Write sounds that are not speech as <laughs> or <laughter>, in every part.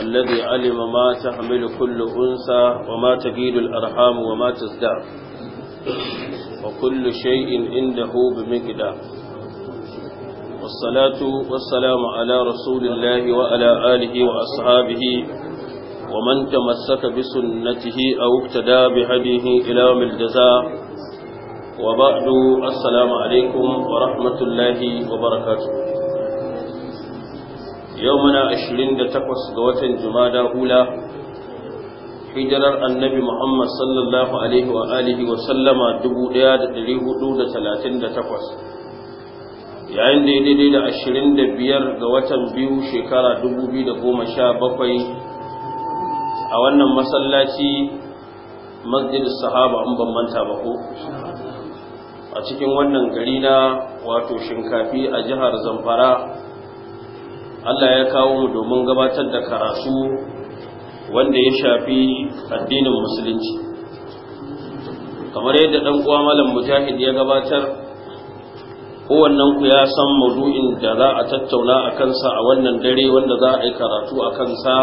الذي علم ما تحمل كل أنثى وما تجيد الأرحام وما تزداد وكل شيء عنده بمقدار والصلاة والسلام على رسول الله وعلى آله وأصحابه ومن تمسك بسنته أو اقتدى بهديه إلى الجزاء وبعد السلام عليكم ورحمة الله وبركاته yau muna 28 ga watan jumada hula hijirar annabi muhammad sallallahu alaihi wa alihi wa sallama 1438 yayin da ya daidai da 25 ga watan biyu shekara 2017 a wannan masallaci masjid sahaba an ban manta ba ko a cikin wannan gari na wato shinkafi a jihar zamfara Allah ya kawo mu domin gabatar da karatu wanda ya shafi addinin musulunci kamar yadda dan uwa malam mujahid ya gabatar kowannen ku ya san maudu'in da za a tattauna a kansa a wannan dare wanda za a yi karatu a kansa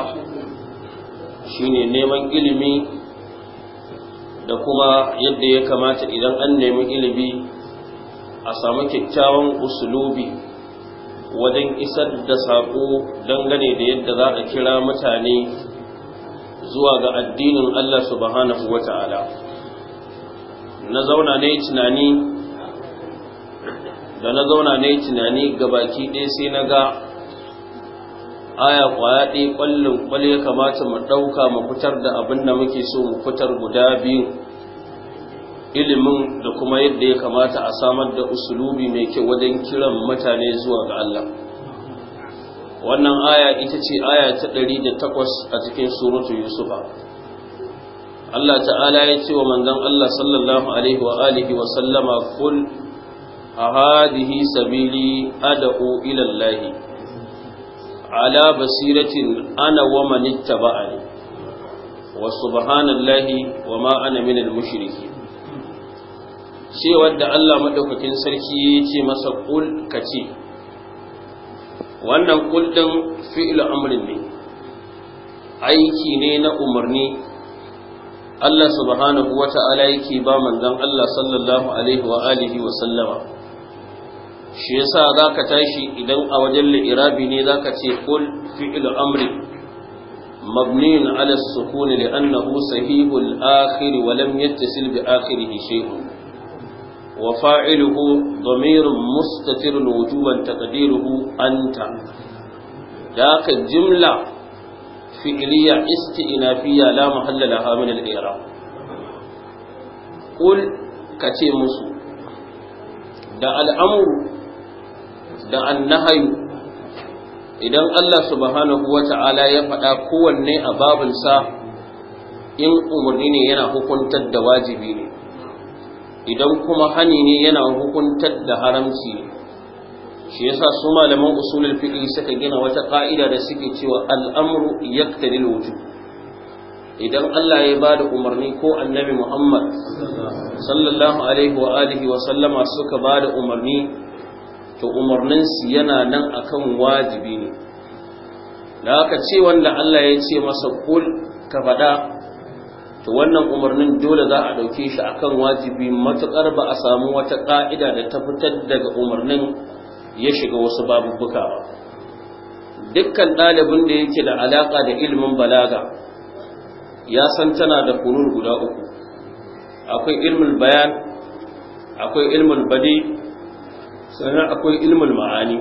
shine neman ilimi da kuma yadda ya kamata idan an nemi ilimi a samu kyakkyawan usulubi wajen isar da saƙo dangane da yadda za a kira mutane zuwa ga addinin Allah subhanahu wa ta'ala na zauna na tunani da na zauna na yi tunani baki ɗaya sai na ga aya ƙwaya ɗaya ƙwallon ƙwale kamata mu ɗauka mu fitar da abin da muke so mu fitar guda biyu ilimin da kuma yadda ya kamata a samar da usulubi mai kyau wajen kiran mutane zuwa ga Allah wannan aya ita ce aya ta da 108 a cikin suratu yusufa Allah ta'ala ya ce wa manzon Allah sallallahu alaihi wa alihi wa sallama kul hadihi sabili ad'u ila Allah ala basiratin ana wa man wa subhanallahi wa ma ana minal mushrikin sai wanda Allah maɗaukakin sarki ya ce masa kul ka ce, wannan kul din fi'il amrin ne aiki ne na umarni Allah subhanahu Ta'ala yake ba manzon Allah sallallahu alaihi wa alihi wa sallama shi yasa zaka tashi idan a wajen li'irabi ne zaka ce kul fi'il amrin مبني على السكون لأنه صحيح الآخر ولم يتصل بآخره شيء وفاعله ضمير مستتر وجوبا تقديره أنت ذاك الجملة فعلية استئنافية لا محل لها من الإعراب قل كتي مسو دا الأمر دا النهي idan Allah subhanahu wa ta'ala ya faɗa kowanne a babinsa in umarni ne yana hukuntar da wajibi ne idan kuma hani ne yana hukuntar da haramci shi yasa su malaman usulul fiqh suka gina wata ka'ida da suke cewa al'amru yaqtadil wujub idan Allah ya bada umarni ko annabi Muhammad sallallahu alaihi wa alihi wa sallama suka bada umarni to umarnin su yana nan akan wajibi ne da aka ce wanda Allah ya ce masa kul ka faɗa to wannan umarnin dole za a ɗauke shi a kan wajibi matuƙar ba a samu wata ƙa'ida da ta fitar daga umarnin ya shiga wasu babubuka ba dukkan ɗalibin da yake da alaƙa da ilimin balaga ya san tana da kunun guda uku akwai ilimin bayan akwai ilimin badi sannan akwai ilimin ma'ani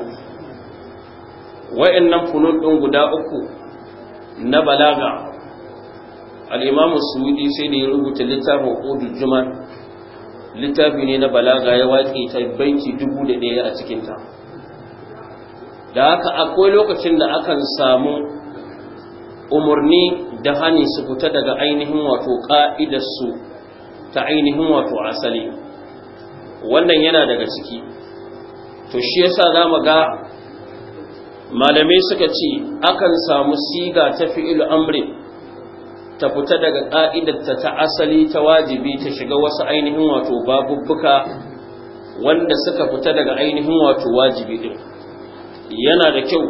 wa'annan kunun ɗin guda uku na balaga al-imam sai da ya rubuta littafin hudud juma littafi ne na balaga ya waƙe ta banki dubu da ɗaya a cikinta da haka akwai lokacin da akan samu umarni da hani su fita daga ainihin wato ƙa'idarsu ta ainihin wato asali wannan yana daga ciki to shi yasa za mu ga malamai suka ce akan samu siga ta fi'il Amri. ta fita daga ƙa'idarta ta asali ta wajibi ta shiga wasu ainihin wato babubbuka wanda suka fita daga ainihin wato wajibi ɗin yana da kyau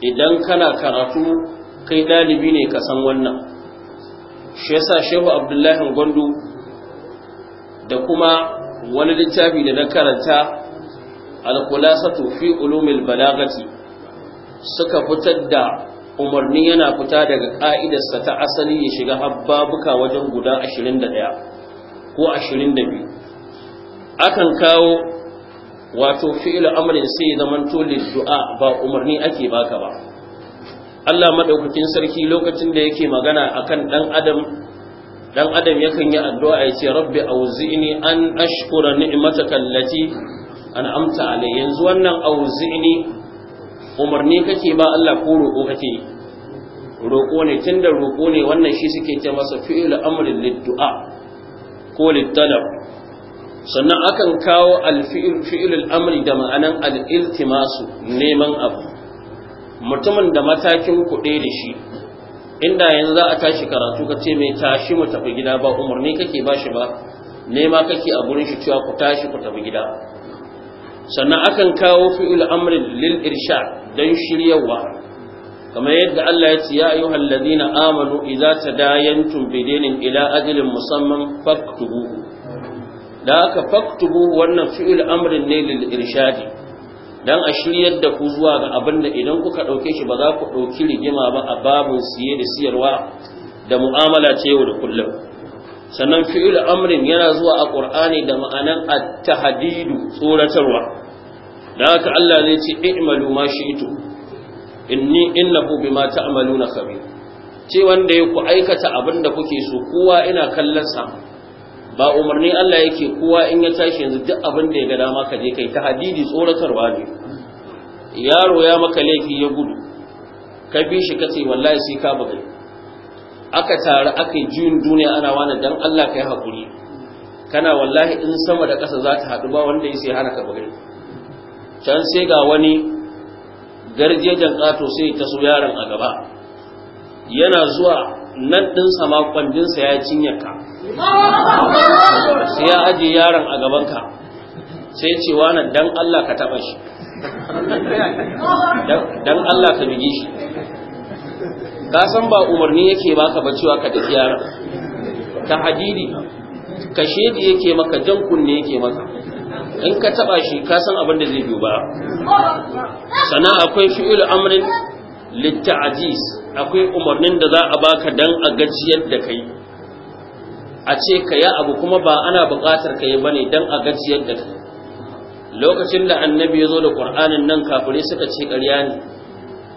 idan kana karatu kai ɗalibi ne ka san wannan shi yasa shehu abdullahi gwandu da kuma wani littafi da na karanta alkulasatu fi ulumil balagati suka fitar da umarni yana fita daga ƙa'idarsa ta asali ya shiga habbabuka wajen guda 21 ko 22 akan kawo wato fi'il amrin sai zamanto du'a ba umarni ake baka ba Allah madaukakin sarki lokacin da yake magana akan dan adam dan adam yakan yi addu'a ya ce rabbi auzi'ni an ashkura ni'mataka allati amta alai, yanzu wannan auzi'ni umarni kake ba Allah ko roƙo kake roƙo ne tunda roƙo ne wannan shi suke ce masa fi'il amrin lid-du'a ko lid-talab sannan akan kawo al-fi'il fi'il amri da ma'anan al-iltimasu neman abu mutumin da matakin kuɗe da shi inda yanzu za a tashi karatu ka ce mai tashi mu tafi gida ba umarni kake ba shi ba nema kake a gurin shi cewa ku tashi ku tafi gida sannan akan kawo fi'il amrin lil irshad dan shiryawa kamar yadda Allah ya ce ya ayyuhal ladina amanu idza tadayantum bidinin ila ajalin musamman faktubu da aka faktubu wannan fi'il amrin ne lil irshadi dan a shiryar da ku zuwa ga abin da idan kuka ɗauke shi ba za ku ɗauki rigima ba a babun siye da siyarwa da mu'amala ce yau da kullum sannan fi'il amrin yana zuwa a qur'ani da ma'anan at-tahdidu tsoratarwa dan haka Allah zai ce i'malu ma shi'tu inni innahu bima ta'maluna khabir ce wanda ya ku aikata abin da kuke so kowa ina kallon sa ba umarni Allah yake kowa in ya tashi yanzu duk abin da ya ga dama ka je kai tahdidi tsoratarwa ne yaro ya maka laifi ya gudu ka bi shi kace wallahi sai ka bugai aka taru aka yi juyin duniya ana wani dan Allah ka yi haƙuri kana wallahi in sama da ƙasa za ta haɗu ba wanda ya sai hana ka bugari can sai ga wani garjejen ƙato sai ta su yaron a gaba yana zuwa nan ɗin ma kwandinsa ya cinye ka sai ya aje yaron a gaban ka, sai ce wani dan Allah ka taɓa shi dan Allah ka bige shi ka san ba umarni yake baka ba cewa ka tafi yara ta hadidi ka shedi yake maka jan kunne yake maka in ka taba shi ka san abin da zai biyo ba sana akwai fi'il amrin litta'jiz akwai umarnin da za a baka dan a gajiyar da kai a ce ka yi abu kuma ba ana buƙatar ka yi bane dan a gajiyar da lokacin da annabi ya zo da qur'anin nan kafirai suka ce ƙarya ne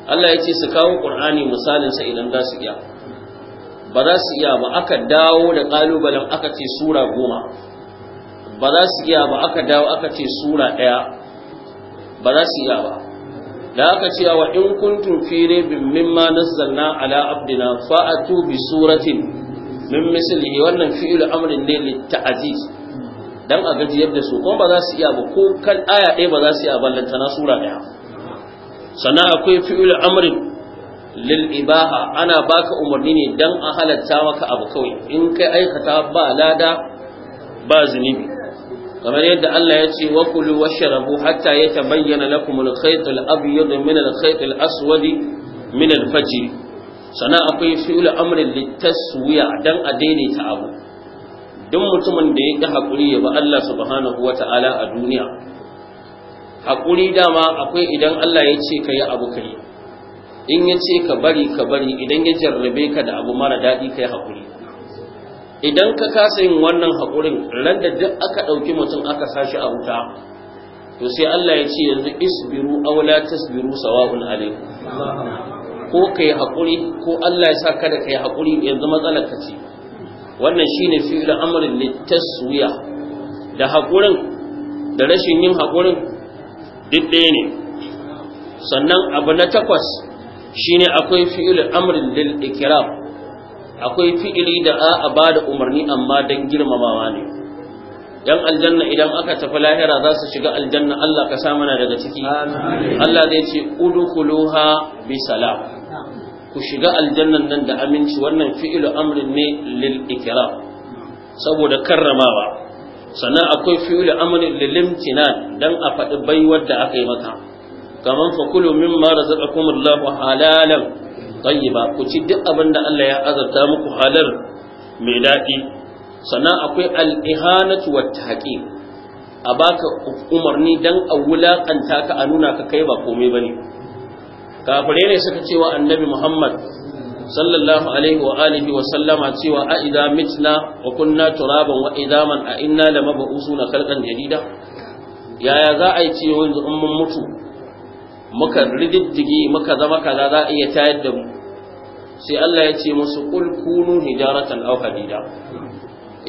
Allah ya ce su kawo Qur'ani misalin idan za su iya ba za su iya ba aka dawo da kalubalen aka ce sura goma ba za su iya ba aka dawo aka ce sura ɗaya ba za su iya ba da aka ce wa in kuntum fi raibin mimma nazzalna ala abdina fa'atu bi suratin min mislihi wannan fi'il amrin ne li ta'ziz dan a gaji yadda su kuma ba za su iya ba ko kan aya ɗaya ba za su iya ballanta na sura ɗaya sannan akwai fi'il amrin lil ibaha ana baka umarni ne dan a halatta maka abu kawai in kai aikata ba lada ba zunubi kamar yadda Allah ya ce wa kulu washrabu hatta yatabayyana bayyana al-khayt al-abyad min al-khayt min al-fajr akwai fi'il amrin litaswiya dan a daidaita abu duk mutumin da ya ƙi haƙuri ya ba Allah subhanahu wa ta'ala a duniya hakuri dama akwai idan Allah ya ce ka yi abu ka in ya ce ka bari ka bari idan ya jarrabe ka da abu mara daɗi ka yi haƙuri idan ka kasa yin wannan hakurin ran da duk aka ɗauki mutum aka sashi a wuta to sai Allah ya ce yanzu isbiru aw la tasbiru sawa'un alaikum ko kai haƙuri ko Allah ya sa kada kai hakuri yanzu matsalar ka ce wannan shine fi'il amrin litaswiya da hakurin da rashin yin hakurin duk ɗaya ne sannan abu na takwas shine akwai fi'il amrin lil akwai fi'ili da a ba da umarni amma don girmamawa ne yan aljanna idan aka tafi lahira za su shiga aljanna Allah ka sa mana daga ciki Allah zai ce udkhuluha bi salam ku shiga aljanna nan da aminci wannan fi'ilu amrin ne lil ikram saboda karramawa sannan akwai fi'lu amrin lilimtinan dan a faɗi baiwar da aka yi maka kaman fa kulu mimma razaqakumullahu halalan tayyiba ku ci duk abin da Allah ya azarta muku halar mai daɗi sannan akwai al-ihanatu wat a baka umarni dan a wulaƙanta ka a nuna ka kai ba komai bane kafirai ne suka cewa annabi Muhammad sallallahu alaihi wa alihi wa sallama cewa a idza mitna wa kunna turaban wa idaman a inna lamabusuna khalqan jadida yaya za a yi ce yanzu in mun mutu muka rididdige muka zama kaza za a iya tayar da mu sai Allah ya ce musu qul kunu hijaratan aw hadida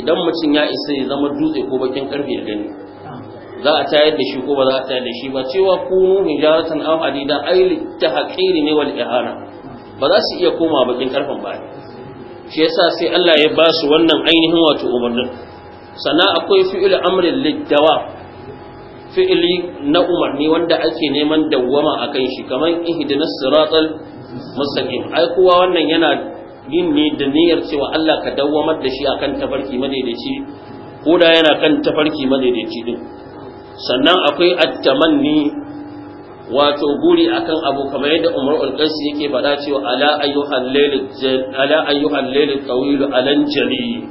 idan mutum ya isa ya zama dutse ko bakin karfe ya gani za a tayar da shi ko ba za a tayar da shi ba cewa kunu hijaratan aw hadida ai ta haqiri ne wal ihana ba za su iya koma bakin karfin ba shi yasa sai Allah ya ba su wannan ainihin wato umarnin sana akwai fi'il amrin liddawa fi'ili na umarni wanda ake neman dawwama akan shi kamar ihdinas siratal mustaqim ai kowa wannan yana yin ne da niyyar cewa Allah ka dawwamar da shi akan tafarki madaidaici ko da yana kan tafarki madaidaici din sannan akwai at-tamanni wato guri akan abu kamar yadda Umar al-Qais yake faɗa cewa ala ayyuhan layl ala ayyuhal layl tawil alan jali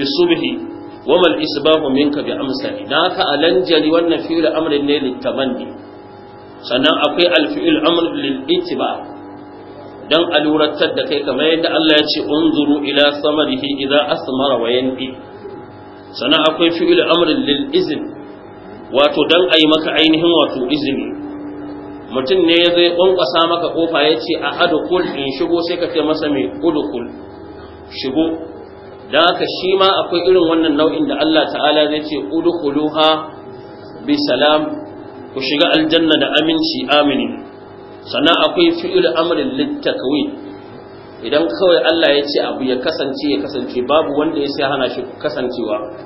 bi subhi wa mal isbahu minka bi amsali naka alan jali wannan fi'il amrin ne litamanni sannan akwai al-fi'il amr lil ittiba dan aluratar da kai kamar yadda Allah ya ce unzuru ila samarihi idza asmara wa yanbi sannan akwai fi'il amr lil izn wato dan ayi maka ainihin wato izini mutum ne ya zai ƙwanƙwasa maka ƙofa ya ce a adukul in shigo sai ka ce masa mai udukul shigo don haka shi ma akwai irin wannan nau'in da Allah ta'ala zai ce udukuluha bi salam ku shiga aljanna da aminci amini sannan akwai fi'il amrin littakawi idan kawai Allah ya ce abu ya kasance ya kasance babu wanda ya sai hana shi kasancewa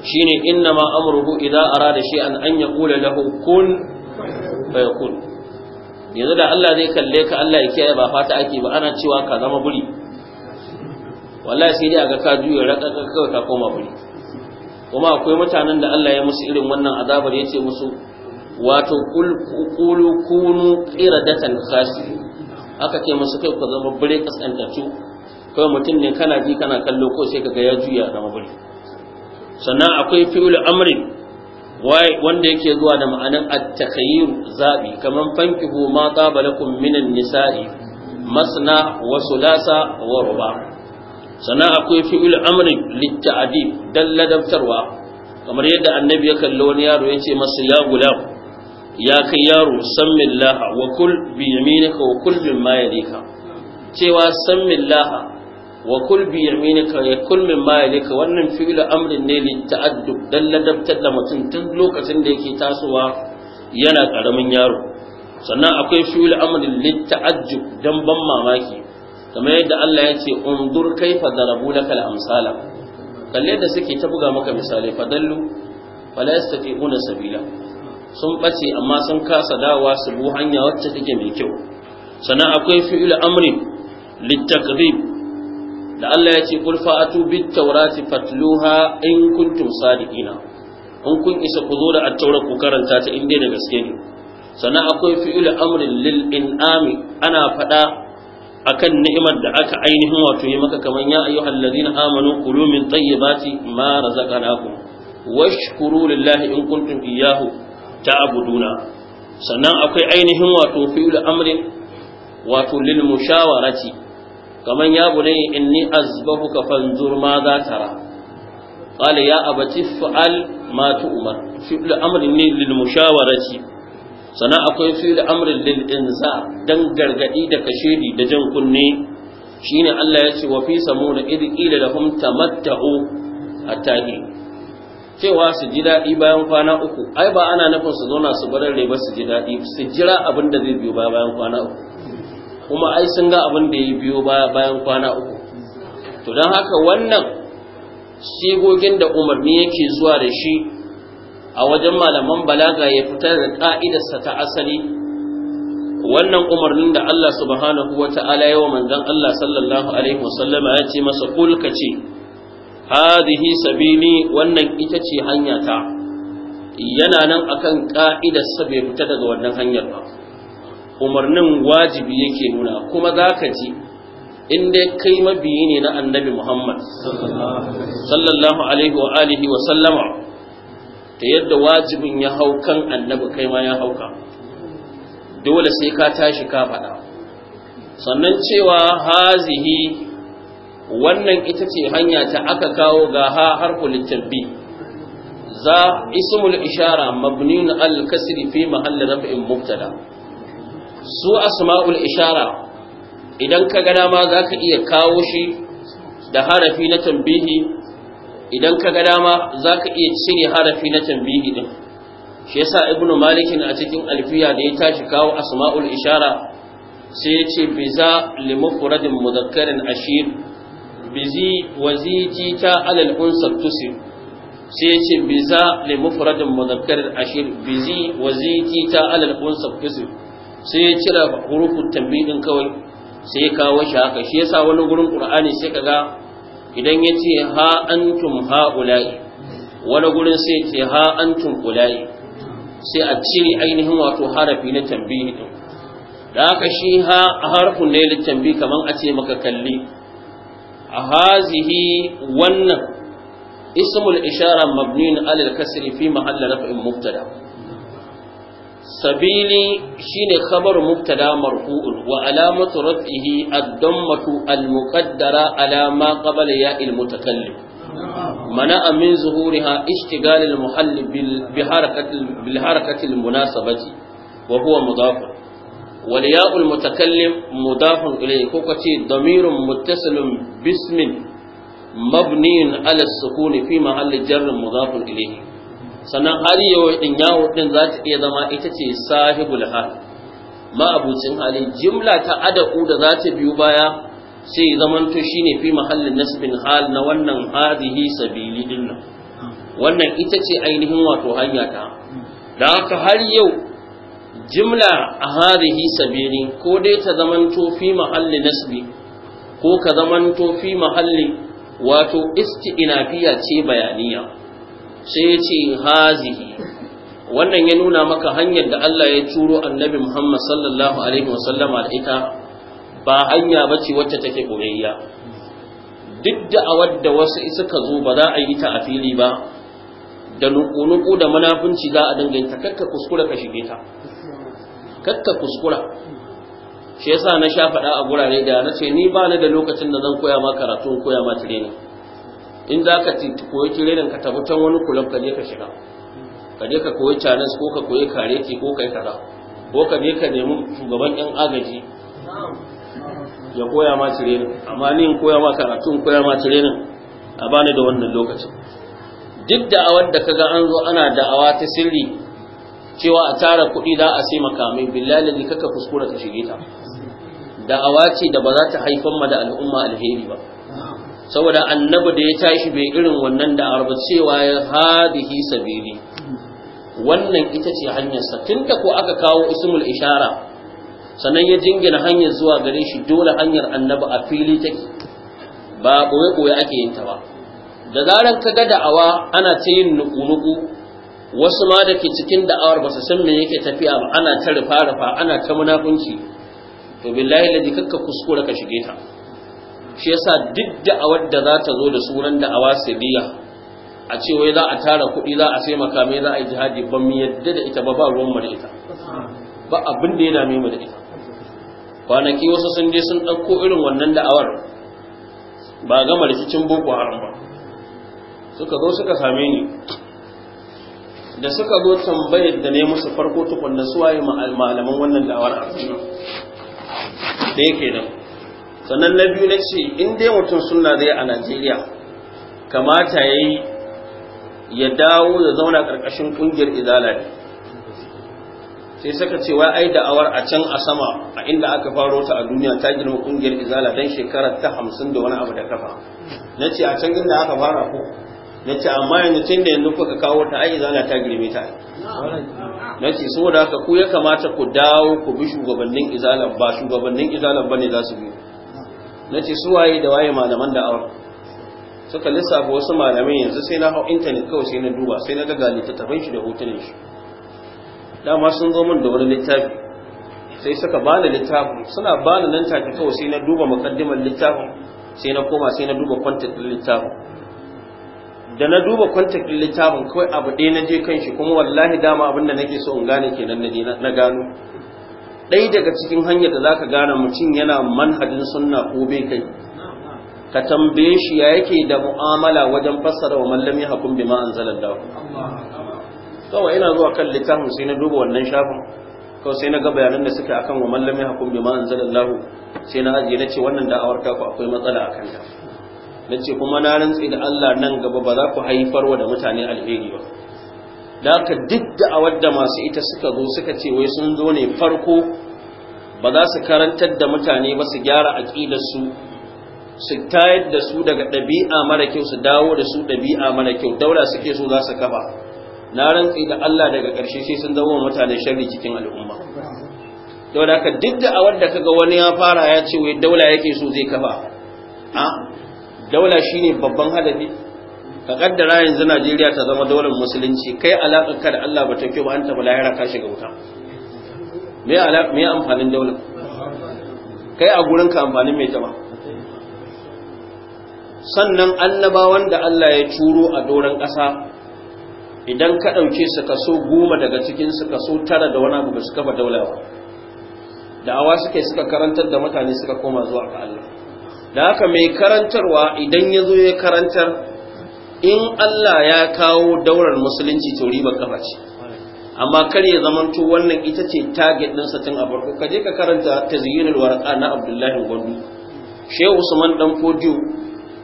shine inna ma amruhu idza arada shay'an an yaqula lahu kun fayakun yanzu da Allah zai kalle ka Allah ya kiyaye ba fata ake ba ana cewa ka zama buri wallahi sai dai aga ka juya ka kawai ka koma buri kuma akwai mutanen da Allah ya musu irin wannan azabar yace musu wato Kulu, kunu qiradatan khasi aka ce musu kai ku zama bure kasantatu kawai mutum ne kana bi kana kallo ko sai kaga ya juya zama buri sannan akwai fi'ul amrin wanda yake zuwa da ma'anar at-takhayyur zabi kaman fankihu ma taba lakum minan nisa'i masna wa sulasa wa ruba sana akwai fi'il amrin lit-ta'dib dalladaftarwa kamar yadda annabi ya kalli wani yaro ya ce masa ya gulam ya kai yaro sammillaha wa kul bi yaminika wa kul mimma yalika cewa sammillaha wa kul bi yaminika ya kul min malika wannan fi'lu amrin ne li ta'addub dan ladabtar da mutum tun lokacin da yake tasowa yana karamin yaro sannan akwai fi'lu amrin li ta'ajjub dan ban mamaki kamar yadda Allah ya ce undur kaifa darabu lakal amsala kalle da suke ta buga maka misali fadallu fala yastati'una sabila sun bace amma sun kasa dawa su bu hanya wacce take mai kyau sannan akwai fi'lu amrin litakdhib da Allah ya ce kul fa'atu bit tawrati fatluha in kuntum sadiqina in kun isa ku zo da at-taura ku karanta ta inda da gaske ne sannan akwai fi'il amrin lil in'ami ana fada akan ni'imar da aka ainihin wato yi maka kaman ya ayyuhal ladina amanu kulu min tayyibati ma razaqnakum washkuru lillahi in kuntum iyyahu ta'buduna sannan akwai ainihin wato fi'il amrin wato lil mushawarati kaman ya bunayya inni ka fanzur ma za tara qala ya abati fa'al ma tu'mar fi'l amrin ne lil mushawarati sana akwai fi'l amrin lil inzar dan gargadi da kashedi da jan kunne shine Allah ya ce wa fi samuna idh qila lahum tamattu atahi cewa su ji daɗi bayan kwana uku ai ba ana nufin su zauna su bar rai ba su ji daɗi su jira abin da zai biyo bayan kwana uku kuma ai sun ga abin da ya biyo bayan kwana uku to don haka wannan sigogin da umarni yake zuwa da shi a wajen malaman balaga ya fitar da ka'idarsa ta asali wannan umarnin da Allah subhanahu wa ta'ala yawa manzon Allah sallallahu alaihi wasallama ya ce masa kul kace ce sabili wannan ita ce hanya ta yana nan akan ka'idar bai fita daga wannan hanyar ba umarnin wajibi yake nuna kuma za ka ji in dai kai mabiyi ne na annabi muhammad sallallahu alaihi wa alihi wa sallama ta yadda wajibin ya hau kan annabi kai ma ya hauka dole sai ka tashi ka faɗa sannan cewa hazihi wannan ita ce hanya ta aka kawo ga ha harful tabbi za ismul ishara mabniun al kasri fi mahall raf'in mubtada su asma'ul ishara idan ka ga dama za ka iya kawo shi da harafi na tambihi idan ka ga dama za ka iya cire harafi na tambihi din shi yasa ibnu malikin a cikin alfiya da ya tashi kawo asma'ul ishara sai ya ce biza limufradin mudhakkarin ashir bizi waziji ta alal unsa tusi sai ya ce biza limufradin mudhakkarin ashir bizi waziji ta alal unsa tusi sai ya cira hurufun ɗin kawai sai ya kawo shi haka shi yasa wani gurin qur'ani sai kaga idan ya ce ha antum haula'i wani gurin sai ce ha antum ula'i sai a cire ainihin wato harafi na tambayi da haka shi ha harfin ne na tambayi kaman a ce maka kalli a hazihi wannan ismul ishara mabnin alal kasri fi mahalla raf'in mubtada' sabili shine khabar mubtada marfu'un wa alamatu raf'ihi ad-dammatu al-muqaddara ala ma ya ya'il mutakallim mana amin zuhuriha ishtigal al-muhall bi harakati bil harakati al-munasabati wa huwa mudaf wal ya'u al-mutakallim mudaf ilayhi ko kace damirun muttasilun bismin mabniin ala as-sukun fi mahalli jarr mudaf ilayhi sannan hali yau din yawo din za ta iya zama ita ce sahibul hal ma'abucin hali jimla ta ada'u da za ta biyu baya sai zamanto shine fi mahallin nasbin hal na wannan hadihi sabili din nan wannan ita ce ainihin wato hanya ta da haka har yau jimla a hadihi sabili ko dai ta zamanto fi mahallin nasbi ko ka zamanto fi mahalli wato isti'inafiya ce bayaniya sai ya ce hazihi wannan ya nuna maka hanyar da Allah ya turo annabi Muhammad sallallahu alaihi sallama da ita ba hanya ba ce wacce take koyayya duk da awadda wadda wasu suka zo ba za a yi ta a fili ba da nuku-nuku da manafinci za a danganta kakka kuskura ka shige ta kakka kuskura shi yasa na sha faɗa a gurare da na ce ni ba ni da lokacin da zan koya ma karatu koya ma tireni in za ka koyi tirenin ka tafi can wani kulan ka je ka shiga ka je ka koyi canis ko ka koyi kareti ko ka yi kaza ko ka je ka nemi shugaban yan agaji ya koya ma tirenin amma ni in koya ma karatu in koya ma tirenin a bani da wannan lokacin duk da da'awar da kaga an zo ana da'awa ta sirri cewa a tara kuɗi za a sai makamai billahi kaka kuskura ka shige ta da'awa ce da ba za ta haifar ma da al'umma alheri ba saboda annabi da ya tashi bai irin wannan da arba cewa ya hadihi sabili wannan ita ce hanyarsa tun da ko aka kawo ismul ishara sannan ya jingina hanyar zuwa gare shi dole hanyar annabi a fili take ba ɓoye-ɓoye ake yin ta ba da zaran ka ga da'awa ana ta yin nuku-nuku wasu ma da ke cikin da'awar ba su san me yake tafiya ba ana ta rufa-rufa ana ta munafunci to billahi ladi kakka kuskura ka shige ta shi yasa duk da'awar da za ta zo da sunan da'awa sabiya a ce wai za a tara kuɗi za a sai makamai za a yi jihadi ba mu yadda da ita ba ba ruwan mu da ita ba abin da ya dame mu da ita kwanaki wasu sun je sun ɗauko irin wannan da'awar ba gama rikicin boko haram ba suka zo suka same ni da suka zo tambayar da ne musu farko tukun da suwaye malaman wannan da'awar a da ke nan sannan na biyu na ce in dai mutum suna zai a najeriya kamata ya yi ya dawo ya zauna ƙarƙashin ƙungiyar izala ne sai saka cewa ai da'awar a can a sama a inda aka faro ta a duniya ta girma ƙungiyar izala don shekarar ta hamsin da wani abu da kafa na ce a can inda aka fara ko na ce amma yanzu tun da yanzu kuka kawo ta ai izala ta girme ta na ce saboda haka ku ya kamata ku dawo ku bi shugabannin izala ba shugabannin izala ba ne za su bi na ce waye da waye malaman da awa, suka lissafa wasu malamai yanzu sai na hau intanet kawai sai na duba sai na ga littattafan shi da hotunan shi dama sun zo min da wani littafi sai suka bani littafin suna bani nan take kawai sai na duba mukaddimar littafin sai na koma sai na duba kwantar littafin da na duba kwantar littafin kawai abu ɗaya na je kan shi kuma wallahi dama abin da nake so in gane kenan na gano ɗaya daga cikin hanyar da za ka gane mutum yana manhajin sunna ko bai kai ka tambaye shi ya yake da mu'amala wajen fassara wa mallami hakun ma anzalar da kawai ina zuwa kan littafin sai na duba wannan shafin kawai sai na ga bayanan da suka akan wa mallami hakun ma anzalar da sai na ajiye na ce wannan da'awar ta ku akwai matsala a kanta na ce kuma na rantsi da Allah nan gaba ba za ku haifarwa da mutane alheri ba da haka duk da'awar da masu ita suka zo suka ce wai sun zo ne farko ba za su karantar da mutane ba su gyara aƙidarsu su tayar da su daga ɗabi'a mara kyau su dawo da su ɗabi'a mara kyau daura suke so za su kafa na rantsi da Allah daga ƙarshe sai sun zama mutane sharri cikin al'umma don haka duk da awar kaga wani ya fara ya ce wai daula yake so zai kafa a daula shine babban hadafi ka kaddara yanzu Najeriya ta zama daular musulunci kai alaƙar ka da Allah ba ta kyau ba an taɓa lahira ka shiga wuta me alaƙa me amfanin daular kai a gurin ka amfanin mai taɓa? sannan annabawan da Allah ya turo a doron ƙasa idan ka ɗauke su kaso goma daga cikin su kaso tara da wani abu ba su kafa daula ba da'awa suka yi suka karantar da mutane suka koma zuwa ga Allah da haka mai karantarwa idan ya zo ya karantar in Allah ya kawo daular musulunci to riba kafa ce amma kar ya to wannan ita ce target din tun a farko ka je ka karanta tazyinul warqa na Abdullahi Gwandu Shehu Usman dan Kodiyo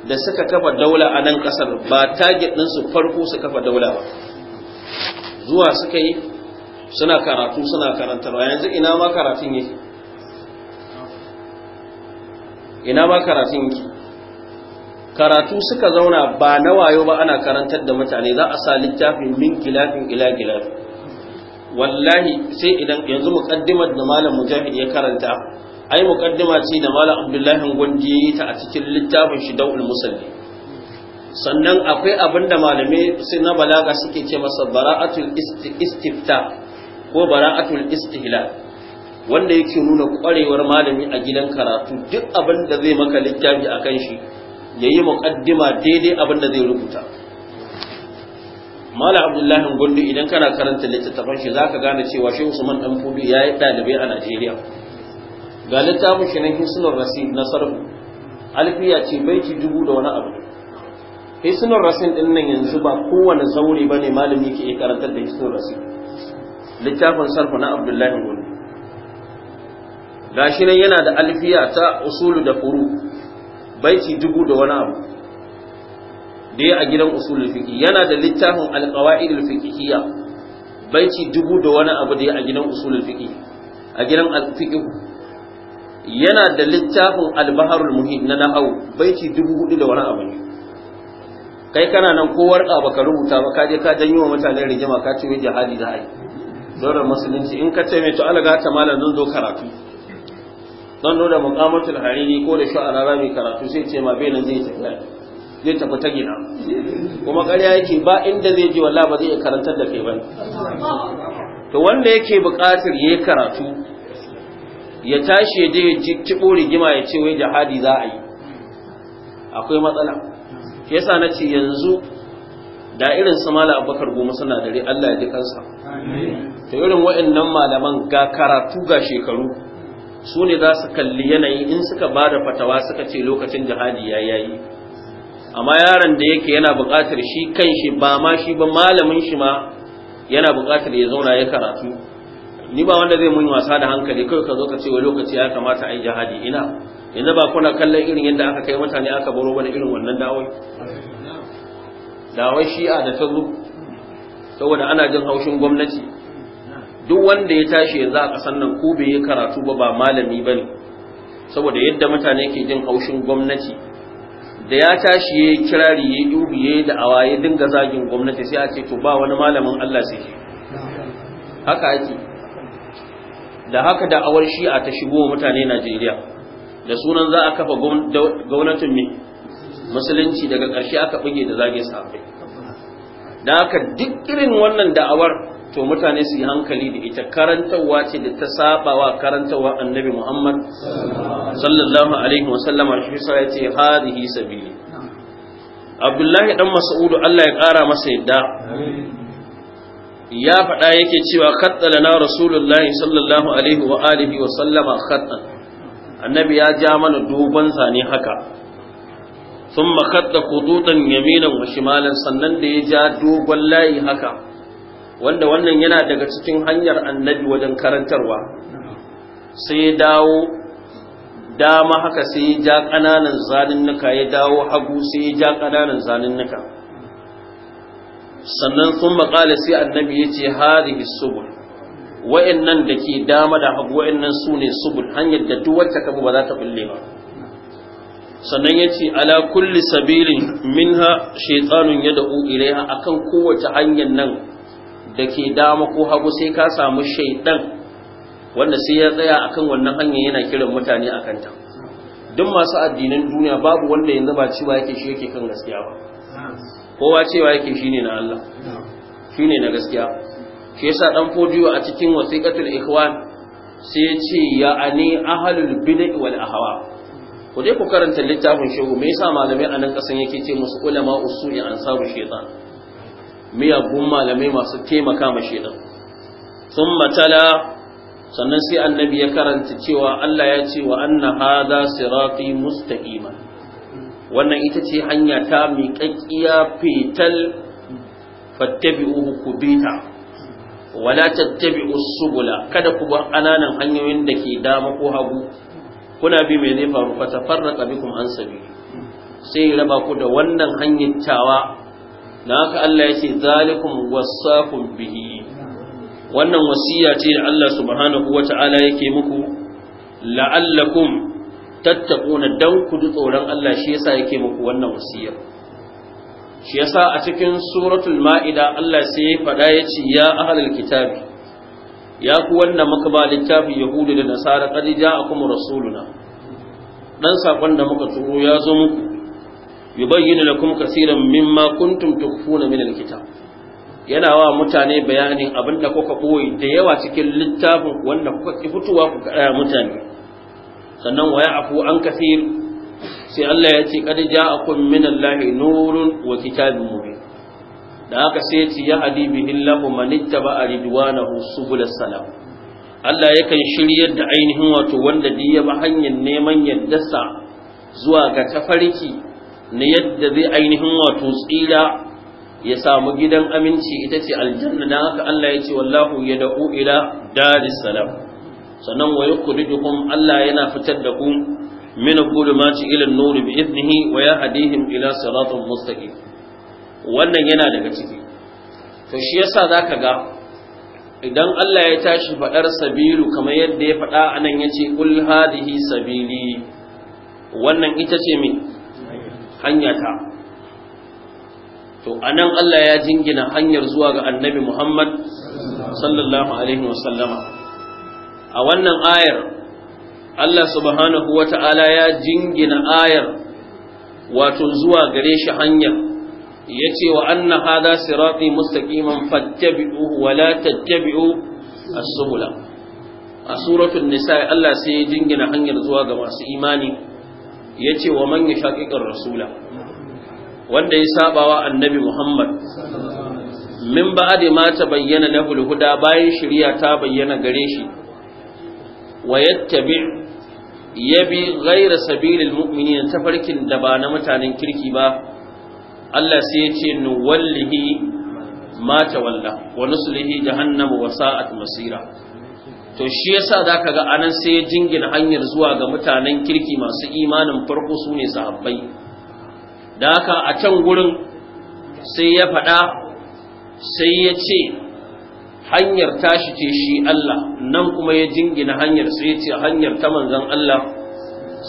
da suka kafa daula a nan kasar ba target din su farko su kafa daula ba zuwa suka yi suna karatu suna karantarwa yanzu ina ma karatun yake ina ma karatun yake karatu suka zauna ba na wayo ba ana karantar da mutane za a sa littafin min gilafin ila gilafi wallahi sai idan yanzu muqaddimar da malam mujahid ya karanta ai muqaddima ce da malam abdullahi gondi ta a cikin littafin shi daul musalli sannan akwai abinda malamai sai na balaga suke ce masa bara'atul istifta ko bara'atul istihlal wanda yake nuna kwarewar malami a gidan karatu duk abinda zai maka littafi akan shi yayi muƙaddima daidai abin da zai rubuta Malam Abdullahi Gundu idan kana karanta littattafan shi ka gane cewa shi Usman Dan Fudu yi dalibai a Najeriya ga littafin shi na Hisnul Rasid na sarfu alfiya ce baiti dubu da wani abu Hisnul rasin din nan yanzu ba kowane zaure ne malami ke karantar da Hisnul Rasi. littafin sarfu na Abdullahi Gundu gashi nan yana da alfiya ta usulu da furu baiti dubu da wani abu da ya a gidan usul fiqi yana da littafin alqawaid alfiqhiyya baiti dubu da wani abu da ya a gidan usul fiqi a gidan alfiqh yana da littafin albahar almuhim na nahau baiti dubu hudu da wani abu ne kai kana nan ko warka baka rubuta ba ka je ka janyo wa mutane rigima ka ce wai jihadi za a yi musulunci in ka ce mai to alaga ta malam zan zo karatu Zan nuna da muqamatul hariri ko da sha'ara rami karatu sai ce ma bainan zai tafi zai tafi ta gina kuma ƙarya yake ba inda zai ji wala ba zai karantar da kai ba to wanda yake buƙatar yayi karatu ya tashi ya je ya kibo rigima ya ce wai jihadi za a yi akwai matsala yasa na ce yanzu da irin su mala abubakar goma suna dare Allah ya ji kansa to irin waɗannan malaman ga karatu ga shekaru su ne za su kalli yanayi in suka ba da fatawa suka ce lokacin jihadi ya yayi amma yaron da yake yana buƙatar shi kan shi ba ma shi ba malamin shi ma yana buƙatar ya zauna ya karatu ni ba wanda zai mun wasa da hankali kai ka zo ka ce wa lokaci ya kamata a yi jihadi ina yanzu ba kuna kallon irin yadda aka kai mutane aka baro bane irin wannan dawai dawai shi'a da ta zo saboda ana jin haushin gwamnati duk wanda ya tashi yanzu a ƙasar nan ko bai yi karatu ba ba malami ba ne saboda yadda mutane ke jin haushin gwamnati da ya tashi ya kirari ya dubi ya da'awa ya dinga zagin gwamnati sai a ce to ba wani malamin Allah sai shi haka ake da haka da'awar shi'a ta shigo mutane Najeriya da sunan za a kafa gwamnatin ne musulunci daga ƙarshe aka buge da zage sahabbai da haka duk irin wannan da'awar to mutane su yi hankali da ita karantarwa ce da ta saba wa karantarwa annabi Muhammad sallallahu alaihi wa sallama shi sa ya ce hadihi sabili Abdullahi dan Mas'ud Allah ya kara masa yadda ya faɗa yake cewa khattala na Rasulullahi sallallahu alaihi wa alihi wa sallama khattan annabi ya ja mana dogon zane haka ثم خط خطوطا يمينا وشمالا sannan da ya ja dogon layi haka wanda wannan yana daga cikin hanyar annabi wajen karantarwa sai ya dawo dama haka sai ya ja ƙananan zalinnuka ya dawo hagu sai ya ja ƙananan zalinnuka sannan sun maƙala sai annabi ya ce harihi subul nan da ke dama da hagu wa'in nan su ne subul hanyar da duk wacce kabu ba za ta bulle ba sannan ya ce ala kulli sabilin minha shaitanun ya da'u ilaiha akan kowace hanyar nan da ke dama ko hagu sai ka samu shaidan wanda sai ya tsaya a kan wannan hanyar yana kiran mutane a kanta duk masu addinan duniya babu wanda yanzu ba cewa yake shi yake kan gaskiya ba kowa cewa yake shi ne na Allah shi ne na gaskiya shi yasa dan fodiyo a cikin wasiqatul ikhwan sai ya ce ya ani ahlul bid'i wal ahwa ku dai ku karanta littafin shehu me yasa malamai a nan kasan yake ce musu ulama usu'i ansaru shaytan miyagun malamai masu taimaka ma shedan sun matala sannan sai annabi ya karanta cewa Allah ya ce wa anna hadha sirati mustaqima wannan ita ce hanya ta miƙaƙƙiya fetal fattabi'uhu kubita wala tattabi'u subula kada ku bar ananan hanyoyin da ke dama ko hagu kuna bi mai zai faru fa tafarraqa bikum an sabili sai raba ku da wannan hanyar tawa na haka Allah ya ce zalikum wasakum bihi wannan wasiya ce da Allah subhanahu wata'ala yake muku la'allakum tattaquna dan ku ji tsoron Allah shi yasa yake muku wannan wasiya shi yasa a cikin suratul ma'ida Allah sai ya faɗa ya ce ya ahlul kitabi ya ku wannan muka ba littafin yahudu da nasara qad ja'akum rasuluna dan sakon da muka turo ya zo muku yubayyinu lakum kaseeran mimma kuntum tukhfuna min alkitab yana wa mutane bayanin abinda kuka koyi da yawa cikin littafin wanda kuka ki fitowa ku ga mutane sannan waya afu an kasir sai Allah ya ce kad ja'akum min Allahi nurun wa kitabun mubin da haka sai ya ce ya hadi bihi Allahu man ittaba ridwanahu subul salam Allah yakan shiryar da ainihin wato wanda dai ya ba hanyar neman yaddasa zuwa ga tafarki na yadda zai ainihin wato tsira ya samu gidan aminci ita ce aljanna dan haka Allah ya ce wallahu yad'u ila daris salam sannan wa yukhrijukum Allah yana fitar da ku min kulumati ila nur bi idnihi wa yahdihim ila siratin mustaqim wannan yana daga ciki to shi yasa zaka ga idan Allah ya tashi faɗar sabilu kamar yadda ya faɗa anan yace ce hadihi sabili wannan ita ce min hanyata to anan Allah ya jingina hanyar zuwa ga annabi Muhammad sallallahu alaihi wasallama a wannan ayar Allah subhanahu wata'ala ya jingina ayar wato zuwa gare shi hanyar ce wa anna hada sirati mustaqiman fattabi'uhu wa la tattabi'u as-subula a suratul nisa Allah sai ya jingina hanyar zuwa ga masu imani ya ce wa man shaƙiƙar rasula wanda ya sabawa annabi Muhammad min ba'di ma bayyana lahu huda bayan shiriya ta bayyana gare shi wa yattabi raira ghayra mumini na tafarkin da ba na mutanen kirki ba Allah sai ya ce nuwallihi ma tawalla wa nuslihi jahannama wa sa'at masira to shi yasa zaka ga anan sai ya jingina hanyar zuwa ga mutanen kirki masu imanin farko su ne sahabbai da haka a can gurin sai ya faɗa sai ya ce hanyar tashi ce shi Allah nan kuma ya jingina hanyar sai ya ce hanyar ta manzon Allah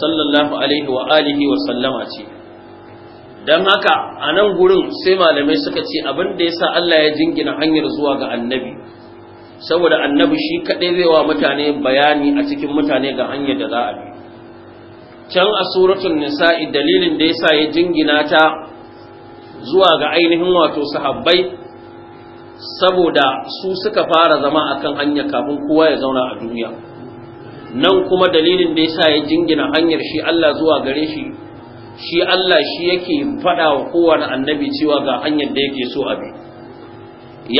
sallallahu alaihi wa alihi wa sallama ce dan haka a nan gurin sai malamai suka ce abin da yasa Allah ya jingina hanyar zuwa ga annabi saboda annabi shi kaɗai zai wa mutane bayani a cikin mutane ga hanyar da za a bi can a suratun nisa'i dalilin da yasa ya jingina ta zuwa ga ainihin wato sahabbai saboda su suka fara zama akan hanya kafin kowa ya zauna a duniya nan kuma dalilin da yasa ya jingina hanyar shi Allah zuwa gare shi shi Allah shi yake faɗa wa kowane annabi cewa ga hanyar da yake so a bi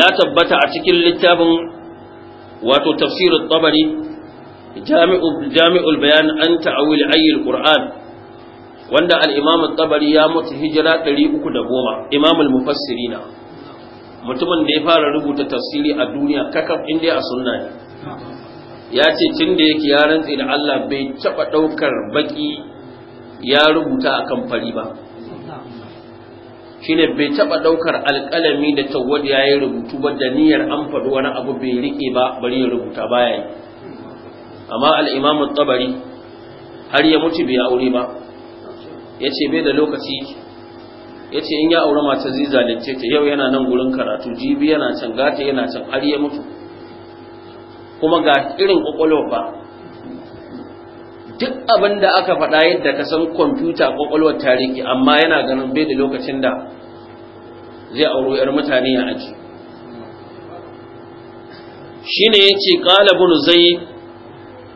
ya tabbata a cikin littafin wato tafsirin tabari jami'ul bayan an ta'awil ayyul qur'an wanda al-imam tabari ya mutu hijira 310 imamul mufassirina mutumin da ya fara rubuta tafsiri a duniya kakaf inda a sunna ne ya ce tun da yake ya rantse da Allah bai taba daukar baki ya rubuta akan fari ba shine bai taba daukar alkalami da tawwad yayin rubutu ba da niyyar an faɗo wani abu bai rike ba bari ya rubuta baya yi amma al-imam tabari har ya mutu bai aure ba yace bai da lokaci yace in ya aure mata zai zalunce ta yau yana nan gurin karatu jibi yana can gata yana can har ya mutu kuma ga irin kwakwalwa ba duk abin da aka faɗa yadda ka san kwamfuta ƙwaƙwalwar tarihi, amma yana ganin bai da lokacin da zai auro 'yar mutane ya aji shi ne ya ce ƙalabin zai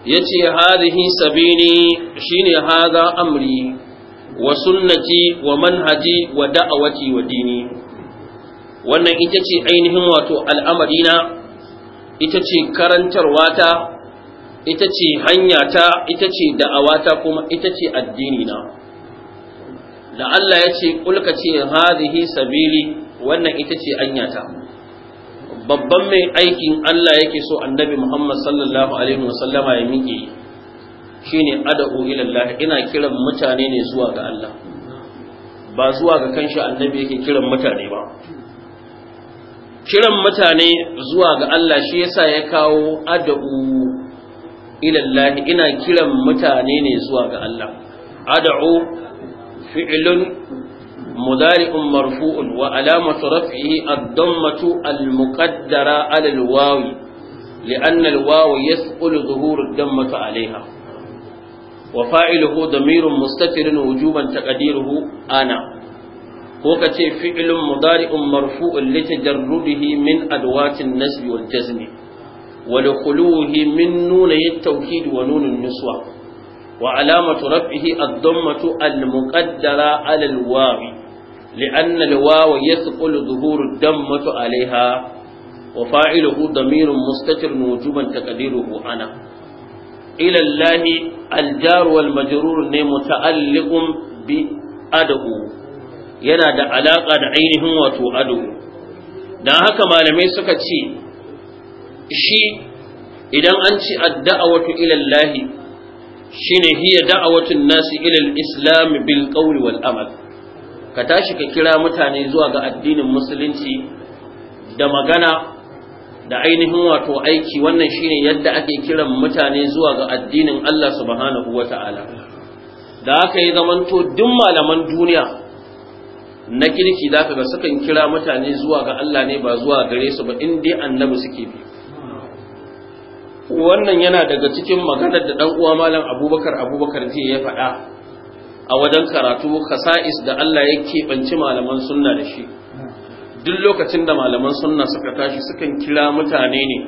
ya ce hadihi sabini shi ne haza amri wa sunnati wa manhaji wa da'awati wa dini wannan ita ce ainihin wato al'amarina ita ce karantarwa ta ita ce hanyata ita ce da'awata kuma ita ce addini na da Allah ya ce kulka ce hadhihi sabili wannan ita ce hanyata babban mai aikin Allah yake so annabi Muhammad sallallahu alaihi wasallama ya miƙe shine ad'u ila Allah ina kiran mutane ne zuwa ga Allah ba zuwa ga kanshi annabi yake kiran mutane ba kiran mutane zuwa ga Allah shi yasa ya kawo ad'u ilallahi ina kiran mutane ne zuwa ga Allah ad'u fi'lun mudari'un marfu'un wa alamatu raf'ihi ad-dammatu al-muqaddara 'ala wawi: waw li'anna al-waw yasqulu dhuhuru dammatu 'alayha wa fa'iluhu damirun mustatirun wujuban taqdiruhu ana ko kace fi'lun mudari'un marfu'un litajarrudihi min adwatin nasbi wal jazmi ولخلوه من نوني التوكيد ونون النسوة وعلامة رفعه الضمة المقدرة على الواو لأن الواو يثقل ظهور الدمة عليها وفاعله ضمير مستتر وجوبا تقديره أنا إلى الله الجار والمجرور متألق بأدعو yana da alaƙa da ainihin wato ado don haka malamai suka ce shi idan an ci adda'awatu ila Allah shine hiya da'awatun nasi ila al-islam bil qawli wal amal ka tashi ka kira mutane zuwa ga addinin musulunci da magana da ainihin wato aiki wannan shine yadda ake kiran mutane zuwa ga addinin Allah subhanahu wata'ala da haka yi zamanto duk malaman duniya na kirki ka ga sukan kira mutane zuwa ga Allah ne ba zuwa gare su ba in dai annabi suke bi wannan yana daga cikin maganar da dan uwa malam abubakar abubakar jiya ya faɗa a wajen karatu khasa'is da Allah ya keɓanci malaman sunna da shi duk lokacin da malaman sunna suka tashi sukan kira mutane ne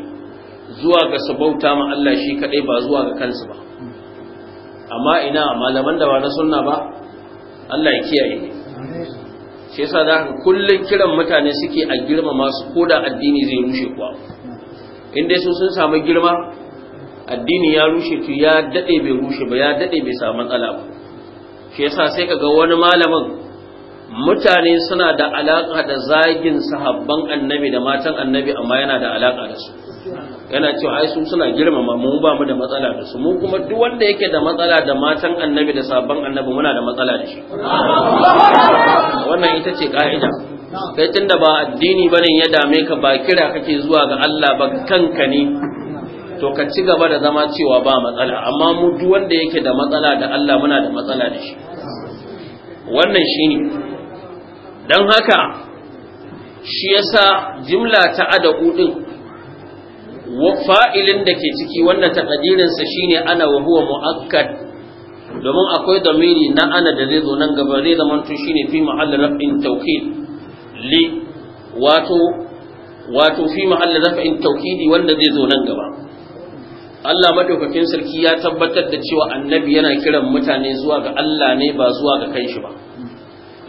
zuwa ga su ma Allah shi kaɗai ba zuwa ga kansu ba amma ina malaman da ba na sunna ba Allah ya kiyaye ne shi yasa da kullun kiran mutane suke a girmama su koda addini zai rushe kuwa in dai su sun samu girma addini ya rushe tu ya dade bai rushe ba ya dade bai samu matsala ba shi yasa sai kaga wani malamin mutane suna da alaka da zagin sahabban annabi da matan annabi amma yana da alaka da su yana cewa ai su suna girmama mu ba mu da matsala da su mu kuma duk wanda yake da matsala da matan annabi da sahabban annabi muna da matsala da shi wannan ita ce ka'ida kai da ba addini ba ne ya dame ka ba kira kake zuwa ga Allah ba kanka ne to ka ci gaba da zama cewa ba matsala amma mu duk wanda yake da matsala da Allah muna da matsala da shi wannan shine dan haka shi yasa jimla ta adau din fa'ilin da ke ciki wanda taqdirin sa shine ana wa huwa muakkad domin akwai domini na ana da zai zo nan gaba zai zama to shine fi ma'al rafin tauke. li wato wato fi mahalla in tauhidi wanda zai zo nan gaba Allah madaukakin sarki ya tabbatar da cewa annabi yana kiran mutane zuwa ga Allah ne ba zuwa ga kanshi ba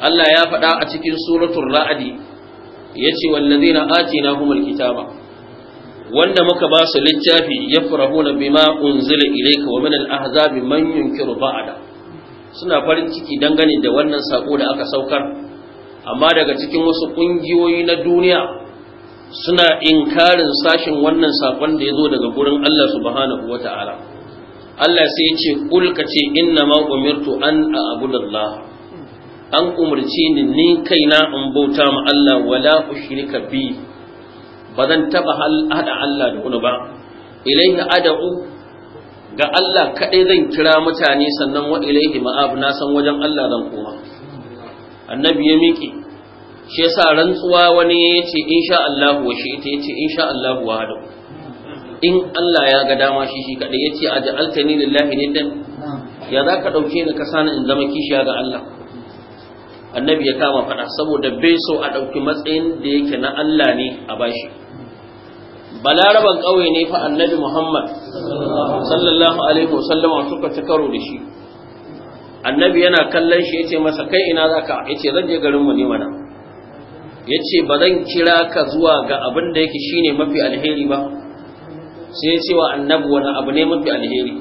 Allah ya faɗa a cikin suratul ra'adi yace wallazina atinahumul kitaba wanda muka ba su littafi ya furahuna bima unzila ilayka wa min al-ahzabi man yunkiru ba'da suna farin ciki dangane da wannan sako da aka saukar amma daga cikin wasu ƙungiyoyi na duniya suna inkarin sashin wannan saƙon da ya zo daga gurin Allah subhanahu wa ta'ala Allah sai ya ce ƙulka ce inna ma umirtu an a Allah. an umarci ni ni kaina in bauta ma Allah wala ushrika bi ba zan taɓa haɗa Allah da wani ba ilaihi ad'u ga Allah kaɗai zan kira mutane sannan wa ilaihi ma'ab na san wajen Allah zan koma annabi ya miƙe shi yasa rantsuwa wani ya ce sha Allahu wa shi ita ya ce sha Allahu wa hadu in Allah ya ga dama shi shi kadai ya ce a ja'altani lillahi dan ya za ka ɗauke ni ka sani in zama kishiya ga Allah annabi ya kama faɗa saboda bai so a ɗauki matsayin da yake na Allah ne a bashi balaraban ƙauye ne fa annabi Muhammad sallallahu alaihi wasallam suka ci karo da shi annabi yana kallon shi yace masa kai ina zaka yace zan je garin mu ne mana yace ba zan kira ka zuwa ga abin da yake shine mafi alheri ba sai yace wa annabi wani abu ne mafi alheri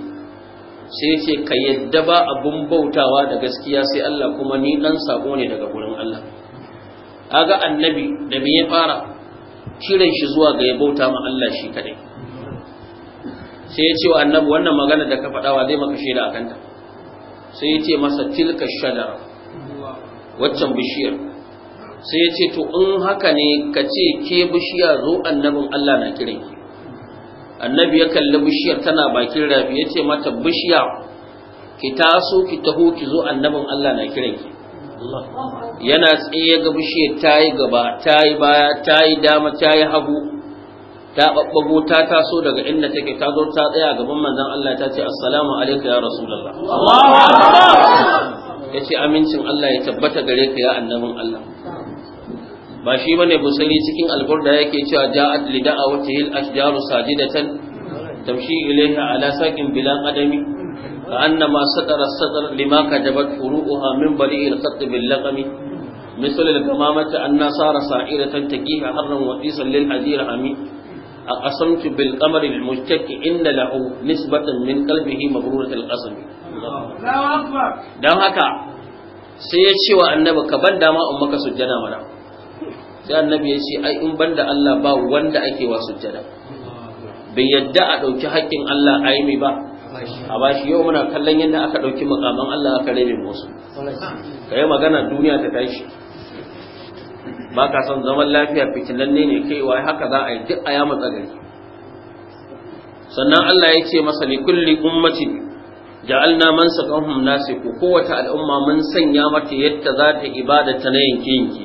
sai yace ka yadda ba abun bautawa da gaskiya sai Allah kuma ni dan sako ne daga gurin Allah kaga annabi da me ya fara kiran shi zuwa ga ya bauta ma Allah shi kadai sai ya ce wa annabi wannan magana da ka faɗawa zai maka shaida akan ta sai ya ce masa tilka shadar waccan bishiyar sai ya ce to in haka ne ka ce ke bishiya zo annabin Allah na kiran ki annabi ya kalli bishiyar tana bakin rafi ya ce mata bishiya ki taso ki taho ki zo annabin Allah na kiran ki yana tsaye ga bishiyar ta yi gaba ta yi baya ta yi dama ta yi hagu ta babbago ta so daga inda take ta zo ta tsaya gaban manzan Allah ta ce assalamu alayka ya rasulullah Allahu akbar yace amincin Allah ya tabbata gare ka ya annabin Allah ba shi bane busari cikin alqur'ani yake cewa ja'at lid'awati hil ashjaru sajidatan tamshi ilayha ala saqin bila qadami ka annama sadar sadar lima kadabat furu'uha min bali al qatb bil laqami misal al kamamati annasara sa'iratan taqiha harran wa qisan lil hadir amin aqasamtu bil qamari al mushtaqi inna lahu nisbatan min qalbihi mabrurat al qasmi dan haka sai ya ce annabi ka ban dama in maka sujjada mana sai annabi ya ce ai in banda Allah ba wanda ake wa sujjada bai yarda a ɗauki haƙƙin Allah a yi ba a bashi yau muna kallon yadda aka ɗauki makaman Allah aka rabe musu ka yi magana duniya ta tashi ba ka son zaman lafiya fitinanne ne kaiwa haka za a yi duk a yama tsagari sannan Allah ya ce masa li kulli ummati ja'alna man sakahum nasiku kowace al'umma mun sanya mata yadda za ta ibada ta na yanke yanke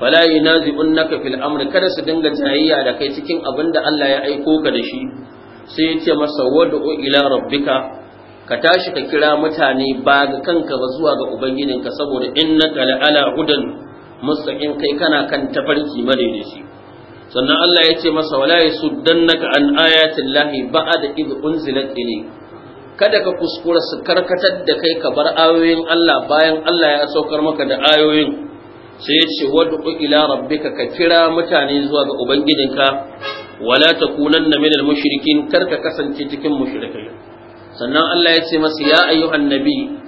fala yunazi'unnaka fil amri kada su dinga jayayya da kai cikin abin da Allah ya aiko ka da shi sai ya ce masa wad'u ila rabbika ka tashi ka kira mutane ba ga kanka ba zuwa ga ubangijinka saboda innaka la'ala hudan mustaqim kai kana kan tafarki madaidaici sannan Allah ya ce masa wala yasuddannaka an ayatin lahi ba'da id unzilat ilay kada ka kuskura su karkatar da kai ka bar ayoyin Allah bayan Allah ya saukar maka da ayoyin sai ya ce wad'u ila rabbika ka kira mutane zuwa ga ubangijinka wala takunanna al mushrikin karka kasance cikin mushrikai sannan Allah ya ce masa ya ayyuhan nabi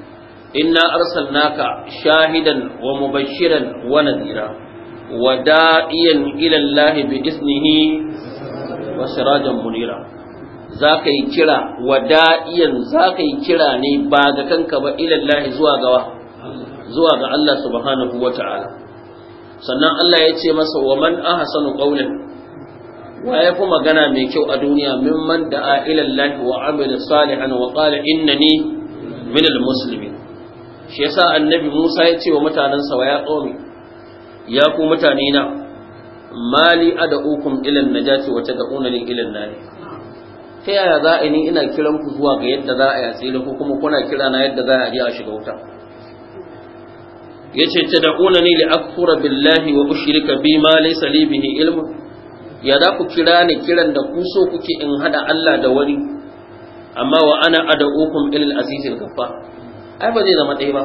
inna arsalnaka shahidan wa mubashiran wa nadira wa da'iyan ila Allah bi isnihi wa sirajan munira zaka yi kira wa da'iyan zaka yi kira ne ba ga kanka ba ila Allah zuwa ga zuwa ga Allah subhanahu wa ta'ala sannan Allah ya ce masa wa man ahsanu qawlan wa ya fi magana mai kyau a duniya mimman da'a ila Allah wa amila salihan wa qala innani minal muslimin shi yasa annabi Musa ya ce wa mutanensa wa ya qaumi ya ku mutane na mali ad'ukum ila najati wa tad'unani ila na nar ta yaya za a ni ina kiran ku zuwa ga yadda za a yi tsere ko kuma kuna kira na yadda za a yi a shiga wuta yace tad'unani li akfura billahi wa ushrika bi ma laysa li bihi ilm ya za ku kira ni kiran da ku so kuke in hada Allah da wani amma wa ana ad'ukum ila al-azizil ghaffar ai ba zai zama ɗaya ba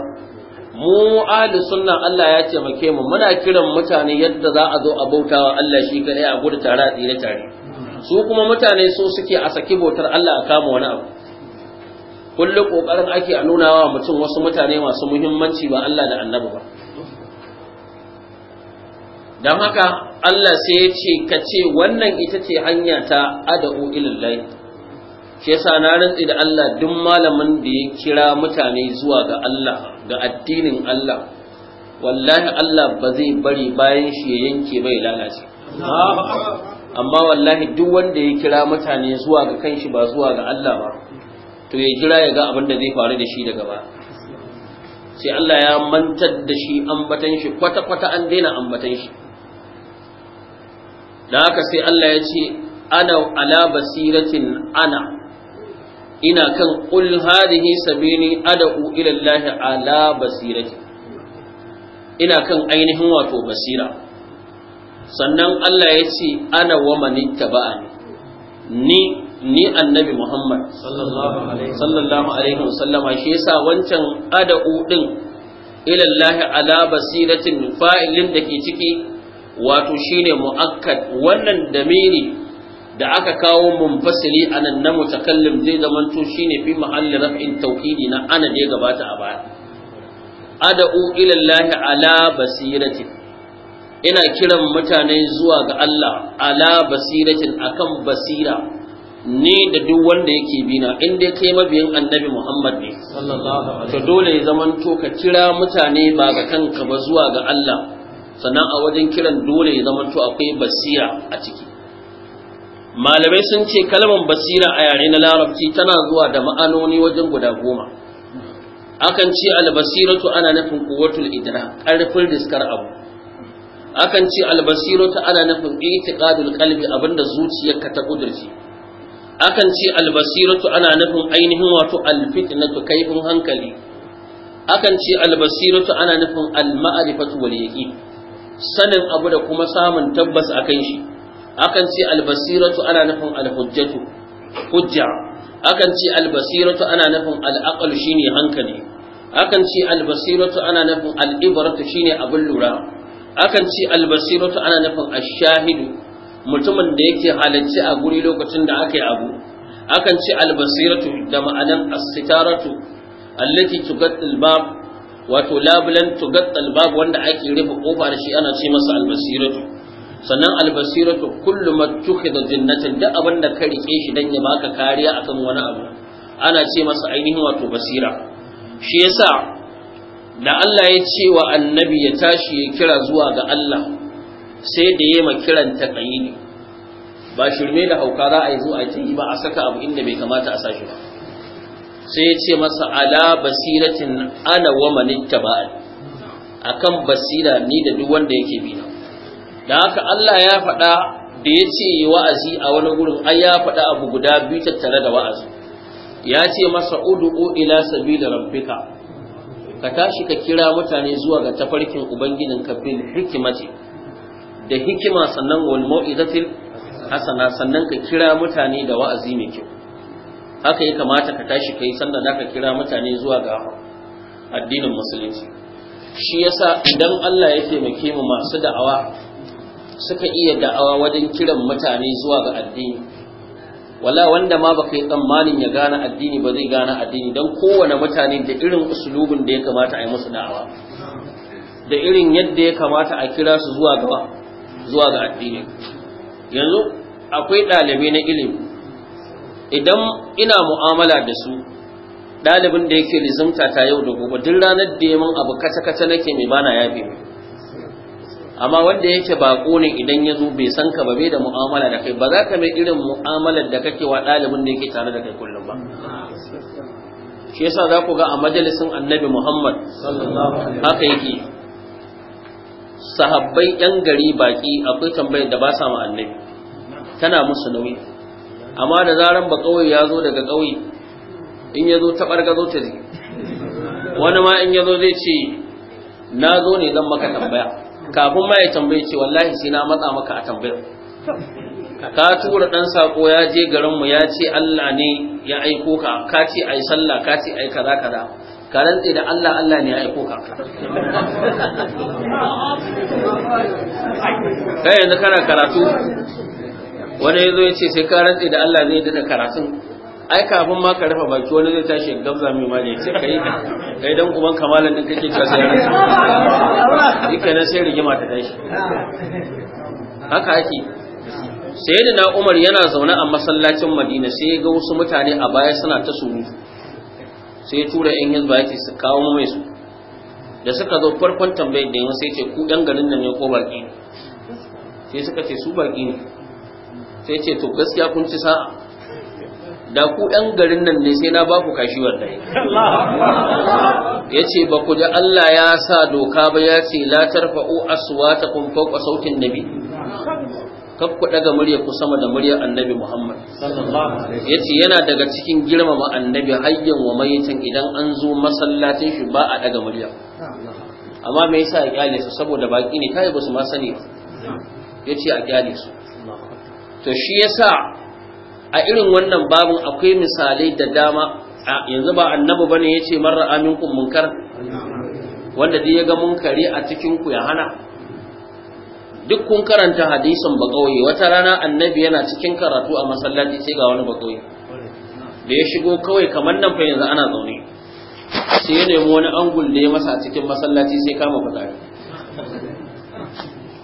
mu ahli sunna Allah ya ce make mu muna kiran mutane yadda za a zo a bautawa Allah shi kadai a gudu tare a tsire tare su kuma mutane su suke a saki bautar Allah a kama wani abu kullum kokarin ake a nuna wa mutum wasu mutane masu muhimmanci ba Allah da annabi ba Dan haka Allah sai ya ce ka ce wannan ita ce hanya ta ada'u ilallahi shi yasa na rantsi da Allah duk malamin da ya kira mutane zuwa ga Allah ga addinin Allah wallahi Allah ba zai bari bayan shi ya yanke bai lalace amma wallahi duk wanda ya kira mutane zuwa ga kanshi ba zuwa ga Allah ba to ya jira ya ga abin da zai faru da shi daga ba sai Allah ya mantar da shi ambatan shi kwata-kwata an daina ambatan shi da haka sai Allah ya ce ana ala basiratin ana ina kan qul hadhihi sabili ad'u ila Allah ala basirati ina kan ainihin wato basira sannan Allah ya ce ana wa manittaba'ani ni ni annabi Muhammad sallallahu alaihi wasallam shi yasa wancan ad'u din ila Allah ala basiratin fa'ilin da ke ciki wato shine mu'akkad wannan damiri da aka kawo munfasili anan na mutakallim zai zamanto shine fi mahalli raf'in tauhidi na ana da gabata a baya ad'u ila llahi ala basirati ina kiran mutane zuwa ga Allah ala basiratin akan basira ni da duk wanda yake bina inda dai kai mabiyin annabi Muhammad ne to dole ya to ka kira mutane ba ga kanka ba zuwa ga Allah sannan a wajen kiran dole ya zamanto akwai basira a ciki malamai sun ce kalmar basira a yare na larabci tana zuwa da ma'anoni wajen guda goma akan ce albasiratu ana nufin kuwatul idra karfin riskar abu akan ce albasiratu ana nufin itiqadul qalbi abinda zuciyarka ta kudurci akan ce albasiratu ana nufin ainihin wato alfitnatu kaifin hankali akan ce albasiratu ana nufin alma'rifatu wal yaqin sanin abu da kuma samun tabbas akan shi akan ce albasiratu ana nufin alhujjatu hujja akan ce albasiratu ana nufin al'aqal shine hankali akan ce albasiratu ana nufin al'ibratu shine abin lura akan ce albasiratu ana nufin ashahidu mutumin da yake halarci a guri lokacin da aka yi abu akan ce albasiratu da ma'anan as-sitaratu allati tugatta al-bab wato labulan tugatta bab wanda ake rufe kofa da shi ana ce masa albasiratu sannan albasiratu kullu ma tukhidha jannatin da abin da ka rike shi dan ya baka kariya akan wani abu ana ce masa ainihin wato basira shi yasa da Allah ya ce wa annabi ya tashi ya kira zuwa ga Allah sai da yayi makiran taqayini ba shirme da hauka za a yi zuwa a yi ba a saka abu inda bai kamata a sashi ba sai ya ce masa ala basiratin ana wa man akan basira ni da duk wanda yake bi na da haka Allah ya faɗa da ya ce yi wa'azi a wani gurin ai ya faɗa abu guda biyu tattare da wa'azi ya ce masa Udu, ila da rabbika ka tashi ka kira mutane zuwa ga tafarkin ubangijin ka bil hikimati da hikima sannan wal mau'izatil hasana sannan ka kira mutane da wa'azi mai kyau haka ya kamata ka tashi ka yi sanda ka kira mutane zuwa ga addinin musulunci shi yasa idan Allah ya taimake mu masu da'awa suka iya da'awa wajen kiran mutane zuwa ga addini wala wanda ma baka yi tsammanin ya gane addini ba zai gane addini don kowane mutane da irin usulubin da ya kamata a yi musu da'awa da irin yadda ya kamata a kira su zuwa ga zuwa ga addini yanzu akwai ɗalibai na ilimi idan ina mu'amala da su ɗalibin da yake rizumta ta yau da gobe duk ranar da ya min abu kace-kace nake mai bana yafi mai amma wanda yake bako ne idan ya zo bai san ka ba bai da mu'amala da kai ba za ka mai irin mu'amalar da kake wa ɗalibin da yake tare da kai kullum ba shi yasa za ku ga a majalisin annabi muhammad haka yake sahabbai yan gari baki akwai tambayar da ba sa ma annabi tana musu nauyi amma da zaran ba kawai ya zo daga ƙauye. in ya zo ta ɓargazo ta wani ma in ya zo zai ce na zo ne zan maka tambaya kafin ma ya tambaye ce wallahi sai na matsa maka a tambayar ka tura dan sako ya je garin mu ya ce Allah ne ya aiko ka ka ce ai sallah ka ce ai kaza kaza ka rantse da Allah Allah ne ya aiko ka kai yanzu kana karatu wani ya zo ya ce sai ka rantse da Allah zai dada karatun ai kafin ma ka rufe baki wani zai tashi gabza mai mali sai kai kai dan uban kamalan din kake cewa sai ransa yake nan sai rigima ta tashi haka ake sayyidina Umar yana zaune a masallacin Madina sai ga wasu mutane a baya suna ta suru sai tura yan hizba yake su kawo mai su da suka zo farkon tambayar da yawan sai ce ku dan garin nan ne ko baki sai suka ce su baki ne sai ce to gaskiya kun ci sa'a da ku ɗan garin nan ne sai na ba ku kashi wallahi ya ce ba ku da Allah ya sa doka ba ya ce la tarfa'u aswatakum fawqa sautin nabi kaf ku daga murya ku sama da muryar annabi Muhammad ya ce yana daga cikin girmama annabi hayyan wa mayitin idan an zo masallacin shi ba a daga murya amma me yasa ya kyale su saboda baki ne kai ba su ma sani ya ce a kyale su to shi yasa a irin wannan babin akwai misalai da dama yanzu ba annabi bane ce, marar amin minkum munkar wanda dai ya ga munkari a cikin ku ya hana duk kun karanta hadisin bakauye wata rana annabi yana cikin karatu a masallaci sai ga wani bakauye da ya shigo kawai kamar nan fa yanzu ana zaune sai ya nemi wani angul da ya masa a cikin masallaci sai kama fitsari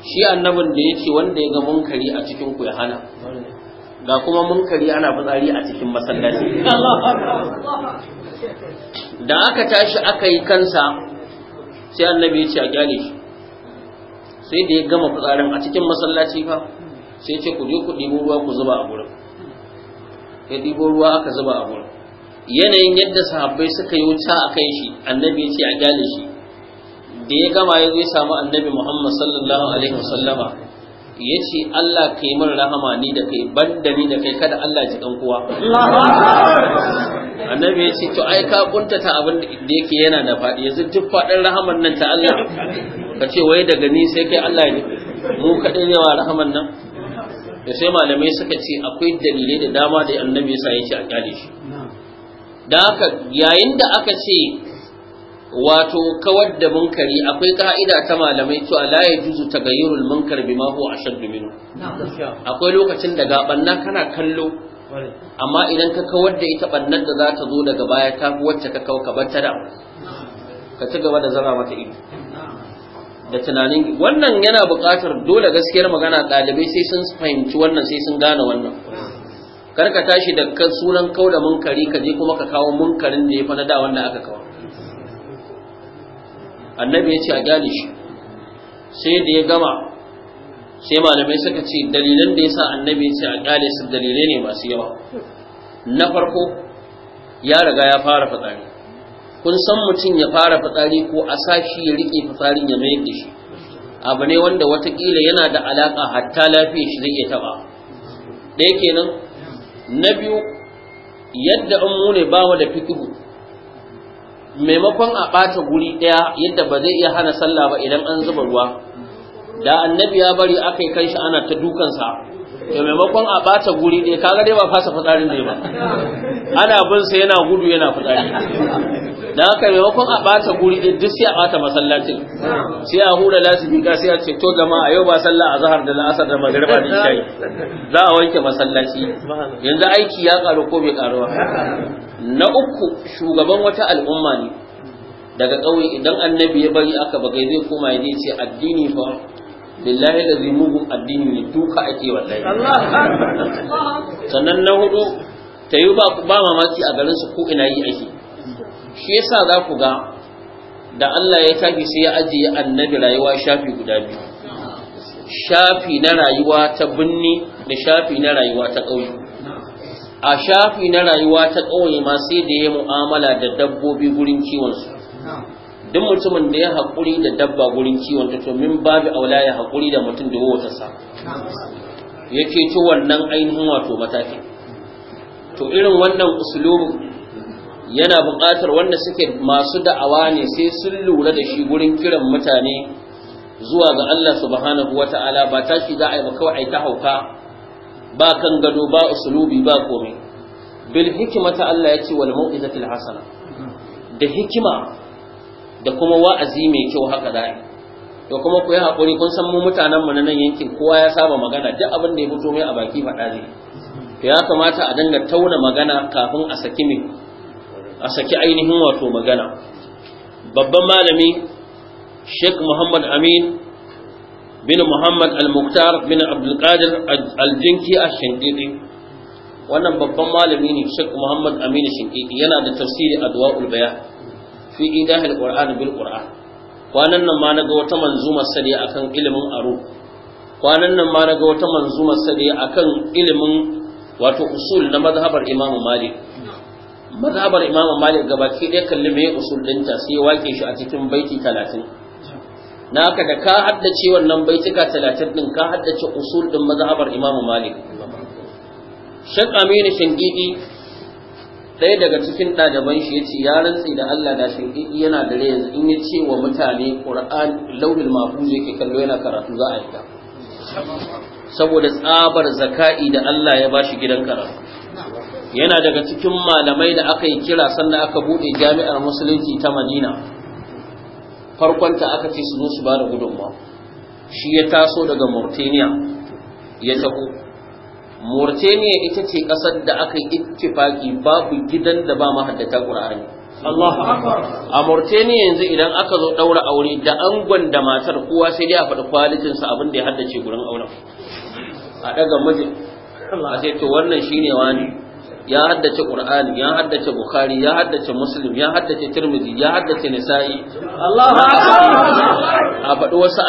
shi annabin da ya ce wanda ya ga munkari a cikin ku ya hana ga kuma munkari ana fitsari a cikin masallaci da aka tashi aka yi kansa sai annabi ya ce a gyale shi sai da ya gama fitsarin a cikin masallaci fa sai ce ku je ku ɗibo ruwa ku zuba a gurin ya ɗibo ruwa aka zuba a gurin yanayin yadda sahabbai suka yi wuta a kai shi annabi ya ce a gyale shi da ya gama ya zo ya samu annabi muhammad sallallahu alaihi wasallama ya Allah ka yi rahama ni da kai ban da ni da kai kada Allah ji dan kowa annabi ya ce to ai ka kuntata abin da yake yana da faɗi yanzu duk faɗin rahaman nan ta Allah ka ce wai daga ni sai kai Allah ne mu kaɗai ne rahaman nan da sai malamai suka ce akwai dalilai da dama da annabi ya sa ya ce a kyale shi da haka yayin da aka ce wato kawar da munkari akwai ka'ida ta malamai cewa la ta tagayyurul munkar bima huwa ashadd minhu akwai lokacin da gabanna kana kallo amma idan ka kawar da ita bannan da za ta zo daga baya ta wacce ka kawo ka ta da ka ci gaba da zama mata ido da tunanin wannan yana buƙatar dole gaskiyar magana ɗalibai sai sun fahimci wannan sai sun gane wannan kar ka tashi da sunan kau da munkari ka je kuma ka kawo munkarin da ya fa na da wanda aka kawo annabi ya ce a gane shi sai da ya gama sai malamai suka ce dalilan da ya sa annabi ya ce a gane su dalilai ne masu yawa na farko ya riga ya fara fitsari kun san mutum ya fara fitsari ko a sashi ya riƙe fitsarin ya mayar da shi abu ne wanda watakila yana da alaƙa hatta lafiyar shi zai iya ɗaya kenan na biyu yadda an mune ba da fikihu maimakon a ɓata guri ɗaya yadda ba zai iya hana sallah ba idan an zuba ruwa da annabi ya bari aka yi kanshi ana ta dukansa ya maimakon a bata guri ɗaya kaga dai ba fasa fitsarin ne ba ana bin sa yana gudu yana fitsari dan haka maimakon a bata guri ɗaya duk sai a bata masallacin sai a hura lasifika sai a ce to jama'a yau ba sallah a zahar da la'asar da magriba da isha'i za a wanke masallaci yanzu aiki ya karu ko bai karu ba na uku shugaban wata al'umma ne daga ƙauye idan annabi ya bari aka bagai zai koma ya ce addini fa lillahi da zai addini ne duka ake wallahi sannan na hudu ta yi ba mamaki a garin su ko ina yi ake shi yasa za ku ga da Allah ya tafi sai ya ajiye annabi rayuwa shafi guda biyu shafi na rayuwa ta binni da shafi na rayuwa ta ƙauye a shafi na rayuwa ta ƙauye ma sai da ya mu'amala da dabbobi gurin su. duk mutumin da ya haƙuri da dabba gurin kiwon ta min babu aula ya haƙuri da mutum da wata sa yake ci wannan ainihin wato mataki to irin wannan usulubu yana buƙatar wanda suke masu da'awa ne sai sun lura da shi gurin kiran mutane zuwa ga Allah subhanahu wata'ala ba ta shi za a yi ba kawai yi ta hauka ba kan gado ba usulubi ba komai bil hikima Allah ya ce wal mau'izatil hasana da hikima da kuma wa'azi mai kyau haka za da kuma ku yi haƙuri kun san mu mutanen mu na nan yankin kowa ya saba magana duk abin da ya fito mai a baki faɗa zai to ya kamata a dinga tauna magana kafin a saki min a saki ainihin wato magana babban malami Sheikh Muhammad Amin bin Muhammad Al-Muktar bin Abdul Qadir Al-Jinki Ash-Shinqiti wannan babban malami ne Sheikh Muhammad Amin Shinqiti yana da tafsiri Adwa'ul Bayan fi idahil qur'an bil qur'an kwanan nan ma naga wata manzuma sadi akan ilimin aro kwanan nan ma naga wata manzuma sadi akan ilimin wato usul na mazhabar imam malik mazhabar imam malik gabaki ɗaya kalli me usul ɗinta sai wake shi a cikin baiti talatin na haka da ka haddace wannan baitika talatin din ka haddace usul din mazhabar imam malik shek aminu shingidi ɗaya daga cikin ɗaliban shi ya ce ya rantse da Allah da shinkiki yana da rai yanzu in ya ce wa mutane Qur'an lauhil mahfuz yake kallo yana karatu za a yi saboda tsabar zaka'i da Allah ya bashi gidan karatu yana daga cikin malamai da aka yi kira sannan aka buɗe jami'ar musulunci ta Madina farkonta aka ce su zo su ba da gudunmawa shi ya taso daga Mauritania ya taho Mauritania ita ce ƙasar da aka yi ittifaki babu gidan da ba mahaddata ƙur'ani. Allahu akbar a Mauritania yanzu idan aka zo ɗaura aure da angon da matar kowa sai dai a faɗi kwalitin sa abin da ya haddace gurin auren a ɗaga mijin a sai to wannan shine wani ya haddace Qur'ani ya haddace Bukhari ya haddace Muslim ya haddace Tirmidhi ya haddace Nisa'i Allahu akbar a faɗi wasu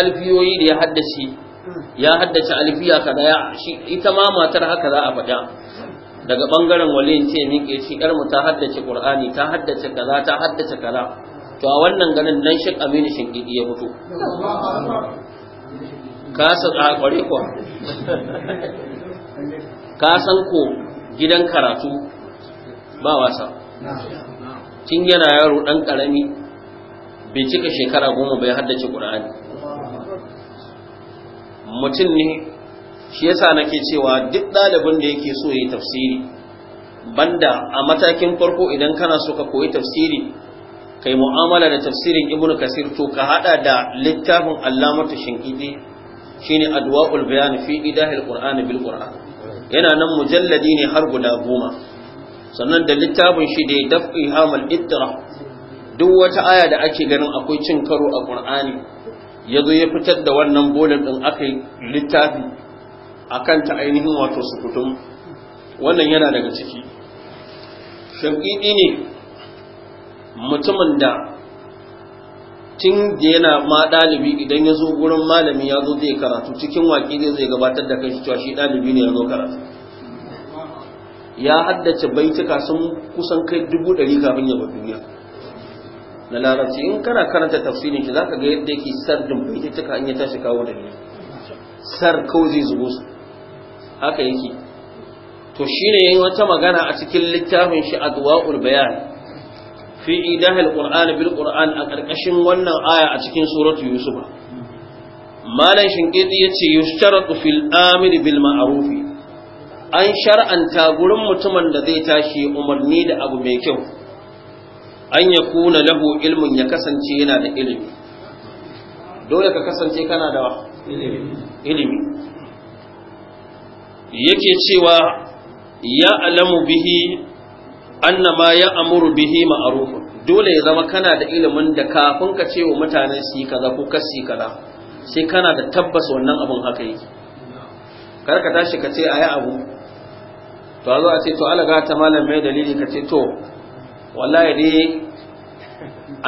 alfiyoyi da ya haddace ya haddace alfiya kaza ya shi ita ma matar haka za a faɗa daga bangaren wali ce miƙe ce yar mu ta haddace qur'ani ta haddace kaza ta haddace kaza to a wannan ganin nan shi aminu shinkidi ya mutu ka san a kware ko ka san ko gidan karatu ba wasa tun yana yaro dan karami bai cika shekara goma bai haddace qur'ani mutum ne shi yasa nake cewa duk ɗalibin da yake so yi tafsiri banda a matakin farko idan kana so ka koyi tafsiri kai mu'amala da tafsirin ibnu kasir to ka hada da littafin allamatu shinkidi shine adwa'ul bayan fi idahil qur'an bil qur'an yana nan mujalladi ne har guda goma sannan da littafin shi da daf'i hamal ittira duk wata aya da ake ganin akwai cin karo a qur'ani ya zo ya fitar da wannan bolin ɗin aka littafi a ta ainihin wato sukutum wannan yana daga ciki shafiɗi ne mutumin da tun da yana ma ɗalibi idan ya zo gurin malami ya zo zai karatu cikin waƙi ne zai gabatar da kai cewa shi ɗalibi ne ya zo karatu ya haddace baituka sun kusan kai dubu ɗari kafin ya bar duniya na larabci in kana karanta tafsirin shi zaka ga yadda yake sardin baitutuka an ya tashi kawo da sar kawai zai zubo su haka yake to shine yayin wata magana a cikin littafin shi adwaul bayan fi idahil qur'an bil qur'an a karkashin wannan aya a cikin suratu yusuf malam shinkidi yace yushtaratu fil amir bil ma'ruf an shar'anta gurin mutumin da zai tashi umarni da abu mai kyau an ya kuna lahu ilmin ya kasance yana da ilimi dole ka kasance kana da ilimi yake cewa ya alamu bihi annama ya amuru bihi ma'arufun dole ya zama kana da ilimin da kafin ka ce wa mutane su yi kaza ko kasi kaza sai kana da tabbas wannan abin haka yake kar ka tashi ka ce a yi abu to a zo a ce to alaga ta malam mai dalili ka ce to wallahi dai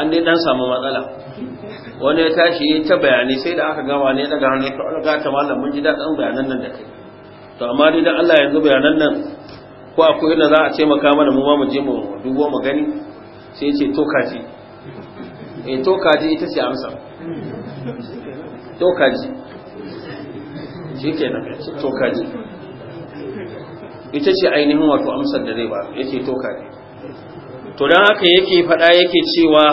an dai dan samu matsala wani ya tashi ta bayani sai da aka gama ne daga hannu ta ga ta mallam mun ji daɗin bayanan nan da kai to amma dai dan Allah yanzu bayanan nan ko akwai inda za a ce maka mana mu ma mu je mu dubo mu gani sai ce to kaji eh to kaji ita ce amsa to kaji shikenan to kaji ita ce ainihin wato amsar da zai ba yace to kaji to don haka yake faɗa yake cewa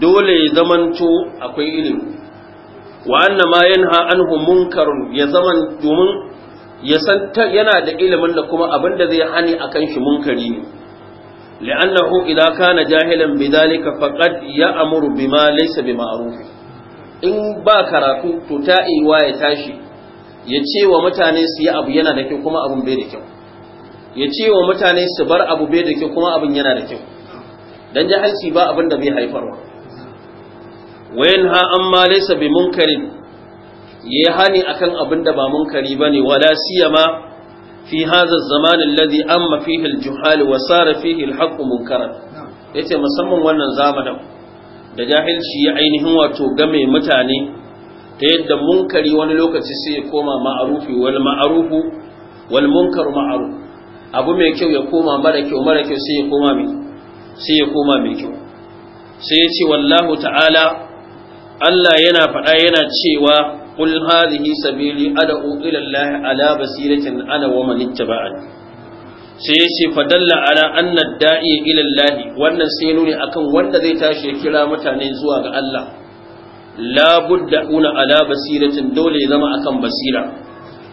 dole ya zamanto akwai ilimi wa'anna ma yanha anhu munkar ya zaman domin ya san yana da ilimin da kuma abin da zai hani akan shi munkari ne li'annahu idza kana jahilan dalika faqad amuru bima laysa ma'ruf in ba karatu to ta'iwa ya tashi ya ce wa mutane su yi abu yana da kyau kuma abun bai da kyau ya ce wa mutane su bar abu bai da kyau kuma abin yana da kyau dan jahilci ba abin da bai haifarwa wayan ha amma laysa bi munkarin yayi hani akan abin da ba munkari bane wala siyama fi hadha zaman alladhi amma fihi al-juhal wa sara fihi al-haqq munkaran yace musamman wannan zamanin da jahilci ya ainihin wato game mutane ta yadda munkari wani lokaci sai ya koma ma'arufi wal ma'arufu wal munkaru abu mai kyau ya koma mara kyau mara kyau sai ya koma mai sai ya koma mai kyau sai ya ce wallahu ta'ala Allah yana faɗa yana cewa qul hadhihi sabili ad'u ila Allah ala basiratin ana wa man ittaba'ani sai ya ce fadalla ala anna da'i ila Allah wannan sai nuni akan wanda zai tashi ya kira mutane zuwa ga Allah la budda una ala basiratin dole ya zama akan basira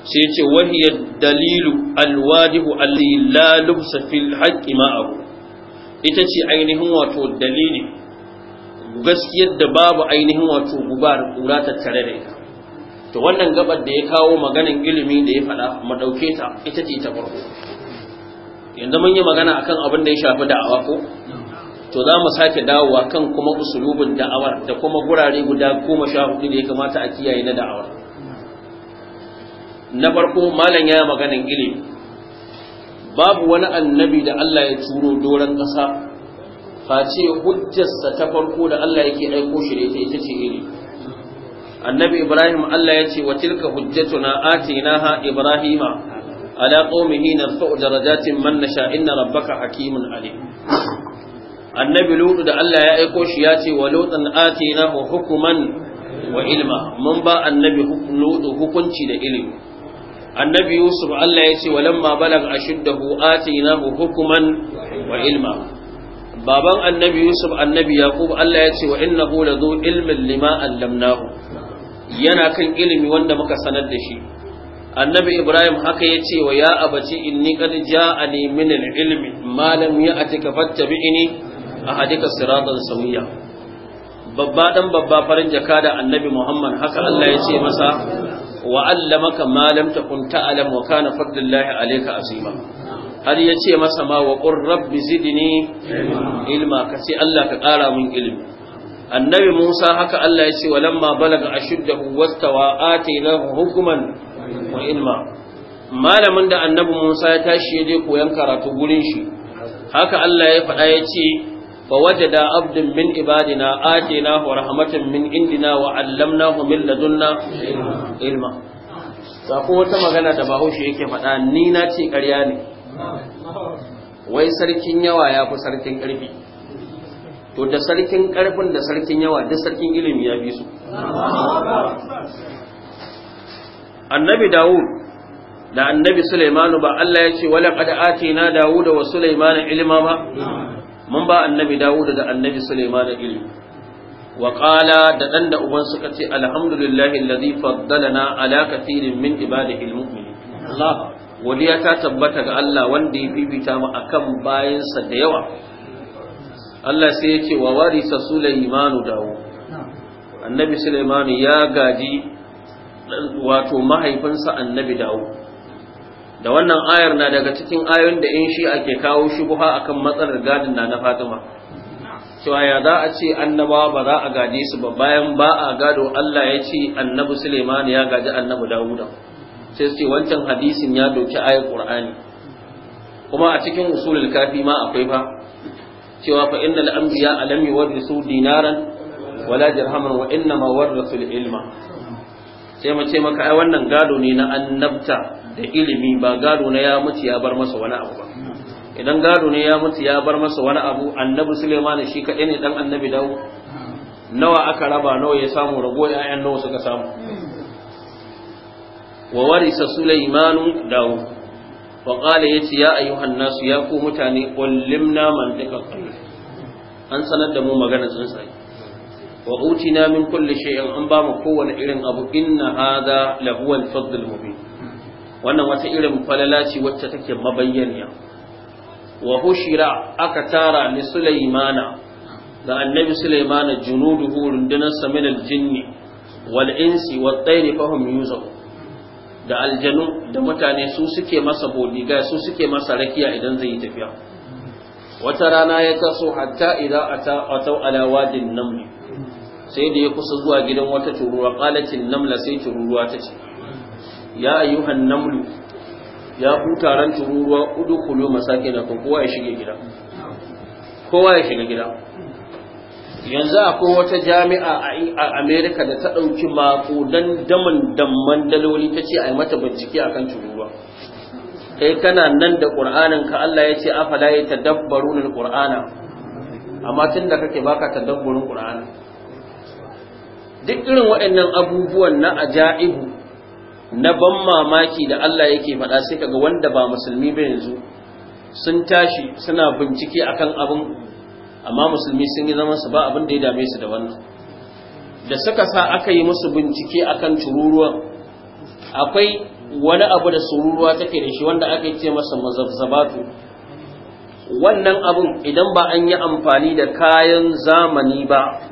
sai ce ya dalilu alwadihu alli la lubsa fil haqqi ma'ahu ita ce ainihin wato dalili gaskiyar da babu ainihin wato gubar kura tattare da ita to wannan gabar da ya kawo maganin ilimi da ya faɗa madauke ta ita ce ta farko yanzu mun yi magana akan abin da ya shafi da'awa ko to za mu sake dawowa kan kuma usulubin da'awar da kuma gurare guda goma sha hudu da ya kamata a kiyaye na da'awar na farko malam ya maganan ilimi babu wani annabi da Allah ya turo doron ƙasa face hujjarsa ta farko da Allah yake aiko shi da ita ita ce iri. annabi ibrahim Allah ya ce wa tilka hujjatuna atinaha ibrahima على قومه نرفع درجات من نشاء إن ربك حكيم عليم Annabi لوط da Allah ya aiko shi ya ce wa lutan atinahu hukuman wa ilma mun ba annabi Lut hukunci da ilimi annabi yusuf Allah ya ce walamma balag ashuddahu atinahu hukuman wa ilma baban annabi yusuf annabi yaqub Allah ya ce wa innahu ladu ilmin lima allamnahu yana kan ilimi wanda muka sanar da shi annabi ibrahim haka ya ce wa ya abaci inni qad ja'ani min al-ilmi ma lam ya'tika fattabi'ni ahadika siratan sawiya babba dan babba farin jaka da annabi muhammad haka Allah ya ce masa wa allamaka maka lam takun ta'lam wa kana fadlullahi alaika azima har ya ce masa ma wa qur rabbi zidni ilma ka sai Allah ka ƙara min ilimi annabi Musa haka Allah ya ce walamma balaga ashuddahu wastawa atainahu hukuman wa ilma malamin da annabi Musa ya tashi ya je koyan karatu gurin shi haka Allah ya faɗa ya ce فوجد عبد من عبادنا آتيناه رحمة من عندنا وعلمناه من لدنا علما sako wata magana da bahaushe yake faɗa ni na ce ƙarya ne wai sarkin yawa ya fi sarkin ƙarfi to da sarkin ƙarfin da sarkin yawa da sarkin ilimi ya fi su annabi dawud da annabi Suleimanu ba Allah ya ce wala qad atina dawuda wa sulaimana ilima ba mun ba annabi Dawud da annabi Sulaiman ilmi wa da ɗan da uban suka ce alhamdulillahi alladhi faddalana ala katirin min ibadihi almu'minin Allah wadiya ta tabbata ga Allah wanda ya fifita mu akan bayansa da yawa Allah sai ya ce wa warisa Suleimanu dawo. annabi Suleimanu ya gaji wato mahaifinsa annabi dawo. da wannan ayar na daga cikin ayoyin da in shi ake kawo shubuha akan matsalar gadin na na Fatima cewa ya za a ce annabawa ba za a gaje su ba bayan ba a gado Allah ya ce annabi Suleiman ya gaji annabi Dawuda sai su ce wancan hadisin ya doki ayar Qur'ani kuma a cikin usulul kafi ma akwai ba cewa fa innal anbiya alam yuwarrisu dinaran wala dirhaman wa innama warrasul ilma sai mace maka ai wannan gado ne na annabta da ilimi ba gado na ya mutu ya bar masa wani abu ba idan gado ne ya mutu ya bar masa wani abu annabi Suleiman shi kaɗai ne dan annabi dawo nawa aka raba nawa ya samu rago 'ya'yan nawa suka samu wa warisa Suleiman dawo fa qala yace ya ayyuhan nasu ya ku mutane ullimna man an sanar da mu magana tsuntsaye wa utina min kulli shay'in an ba mu kowane irin abu inna hadha lahu al-fadl mubin wannan wata irin falala ce wacce take mabayyaniya wa hushira aka tara ni sulaymana da annabi sulaimana junuduhu rundunar min al-jinni wal insi wat tayri fahum Yuzaku da aljanu da mutane su suke masa bodiga su suke masa rakiya idan zai yi tafiya wata rana ya taso hatta idza ata ala wadin namli sai da ya kusa zuwa gidan wata turuwa qalatin namla sai turuwa ta ce ya ayyuhan namlu ya ku taron masake udkhulu masakinakum kowa ya shige gida kowa ya shiga gida yanzu akwai wata jami'a a Amerika da ta ɗauki makudan daman damman daloli ta ce a yi mata bincike a kan turuwa kai kana nan da ƙur'anin ka Allah ya ce afala ya tadabbaru na ƙur'ana amma tun da kake baka tadabbarin ƙur'ana duk irin waɗannan abubuwan na ajaibu na ban mamaki da Allah yake faɗa sai kaga wanda ba musulmi ba yanzu sun tashi suna bincike akan abin amma musulmi sun yi zaman su ba abin da ya dame su da wannan da suka sa aka yi musu bincike akan tururuwan akwai wani abu da sururuwa take da shi wanda aka ce masa mazabzabatu wannan abin idan ba an yi amfani da kayan zamani ba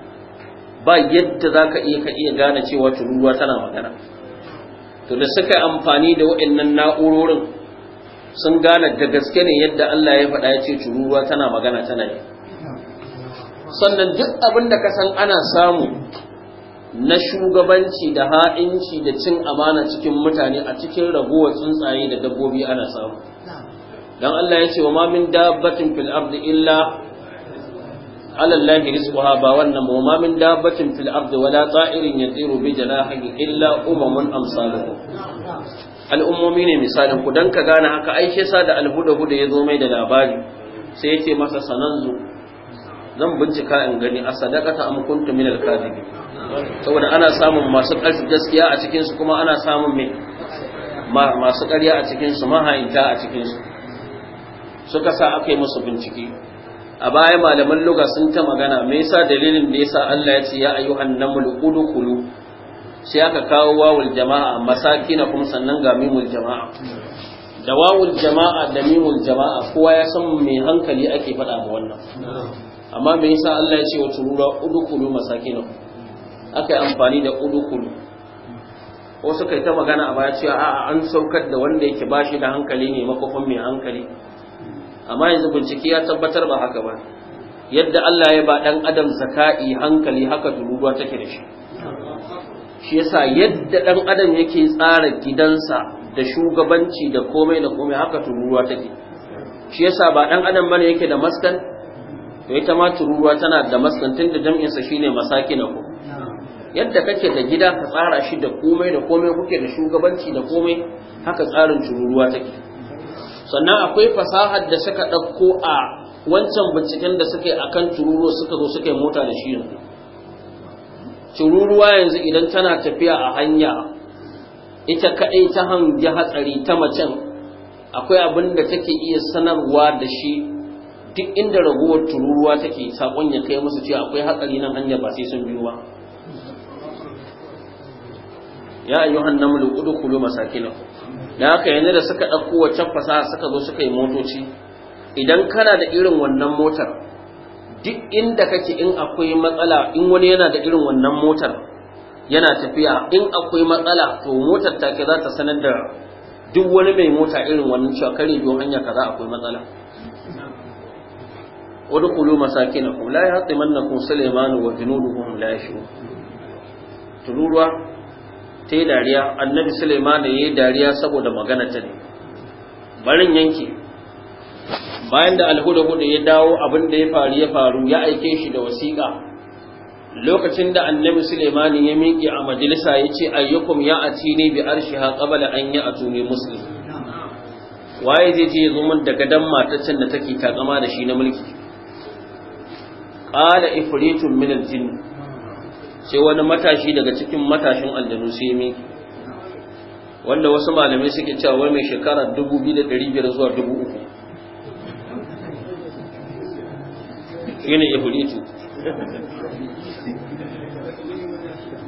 ba yadda za ka iya ka iya gane cewa tururuwa tana magana to da suka yi amfani da waɗannan na'urorin sun gane da gaske ne yadda Allah ya faɗa ya ce tururuwa tana magana tana yi sannan duk abin da ka san ana samu na shugabanci da ha'inci da cin amana cikin mutane a cikin ragowar tsuntsaye da dabbobi ana samu Don Allah ya ce wa ma min dabbatin fil ardi illa ala Allah rizquha ba wannan ba ma min dabbatin fil ardi ya ta'irin yatiru bi janahihi illa al'ummomi ne misalin ku don ka gane haka ai shi da alhuda huda ya zo mai da labari sai yace masa sananzu zan bincika in gani a sadakata a kuntum min al saboda ana samun masu gaskiya a cikinsu kuma ana samun mai masu ƙarya a cikinsu su mahayinta a cikinsu suka sa aka yi musu bincike a baya malaman luga sun ta magana me yasa dalilin da yasa Allah ya ce ya ayyuhan namul udkhulu sai aka kawo wawul jama'a masakina kuma sannan ga mimul jama'a da wawul jama'a da mimul jama'a kowa ya san me hankali ake faɗa ba wannan amma me yasa Allah ya ce wa turura udkhulu masakina aka yi amfani da udkhulu wasu kai ta magana a baya cewa a'a an saukar da wanda yake bashi da hankali ne makofin mai hankali amma yanzu bincike ya tabbatar ba haka ba yadda Allah ya ba dan adam zaka'i hankali haka duruwa take da shi shi yasa yadda dan adam yake tsara gidansa da shugabanci da komai da komai haka tururuwa take shi yasa ba dan adam bane yake da maskan to ita ma tururuwa tana da maskan tunda jam'in sa shine ku yadda kake da gida ka tsara shi da komai da komai kuke da shugabanci da komai haka tsarin tururuwa take sannan akwai fasahar da suka ɗauko a wancan binciken da suka yi a kan tururuwa suka zo suka yi mota da shi yanzu tururuwa yanzu idan tana tafiya a hanya ita kaɗai ta hangi hatsari ta macen akwai abin da take iya sanarwa da shi duk inda raguwar tururuwa take sakon ya kai musu cewa akwai hatsari nan hanya ba sai sun biyo ba ya ayyuhan namlu udkhulu masakinakum da haka yanzu da suka ɗauko waccan fasaha suka zo suka yi motoci idan kana da irin wannan motar duk inda kake in akwai matsala in wani yana da irin wannan motar yana tafiya in akwai matsala to motar ta ke za ta sanar da duk wani mai mota irin wannan cewa kare biyo hanya za akwai matsala Kulu ودخلوا مساكنكم لا يهطمنكم سليمان وجنوده ya يشعرون Tururuwa. ta yi dariya annabi suleiman ya yi dariya saboda magana ta ne barin yanki bayan da alhuda hudu ya dawo abin da ya faru ya faru ya aike shi da wasiƙa lokacin da annabi Suleimani ya miƙe a majalisa ya ce ayyukum ya ati ne bi arshiha an yi a atumi muslim waye zai je zo min daga dan matacin da take takama da shi na mulki Ƙara ifritun min al sai wani matashi daga cikin matashin aljanu sai miki wanda wasu malamai suke cewa wai mai shekara 2500 zuwa 3000 shine ibritu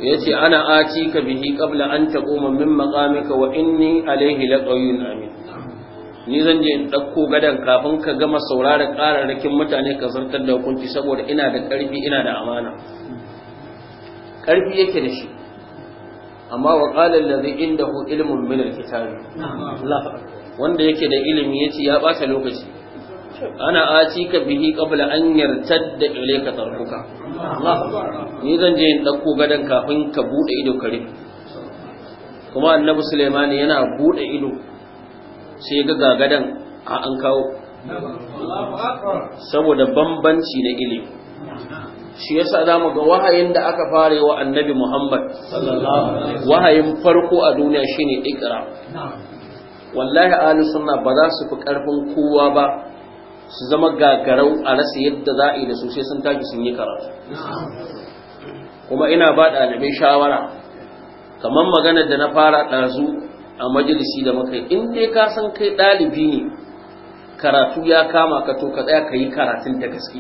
ya ce ana aci ka bihi kabla an taƙoma min maƙamika wa inni alaihi laƙauyun amin ni zan je in ɗauko gadon kafin ka gama saurara ƙararrakin mutane ka zartar da hukunci saboda ina da ƙarfi ina da amana karfi yake da shi amma wa ƙalar da indahu ilmun min ilimin wanda yake da ilimi yace ya basa lokaci ana aci ka bihi kabla an yartar da ile ka ni zan je in ɗauko gadan kafin ka buɗe ido kare kuma annabi sulaimani yana buɗe ido sai ga gagadan a an kawo saboda bambanci na ilimi shi yasa za mu ga wahayin da aka fara wa annabi Muhammad wahayin farko a duniya shine ikra wallahi ahli sunna ba za su fi karfin kowa ba su zama gagarau a rasa yadda za a da su sai sun tashi sun yi karatu kuma ina ba ɗalibai shawara kamar maganar da na fara ɗazu a majalisi da muka in dai ka san kai ɗalibi ne karatu ya kama ka to ka tsaya ka yi karatun da gaske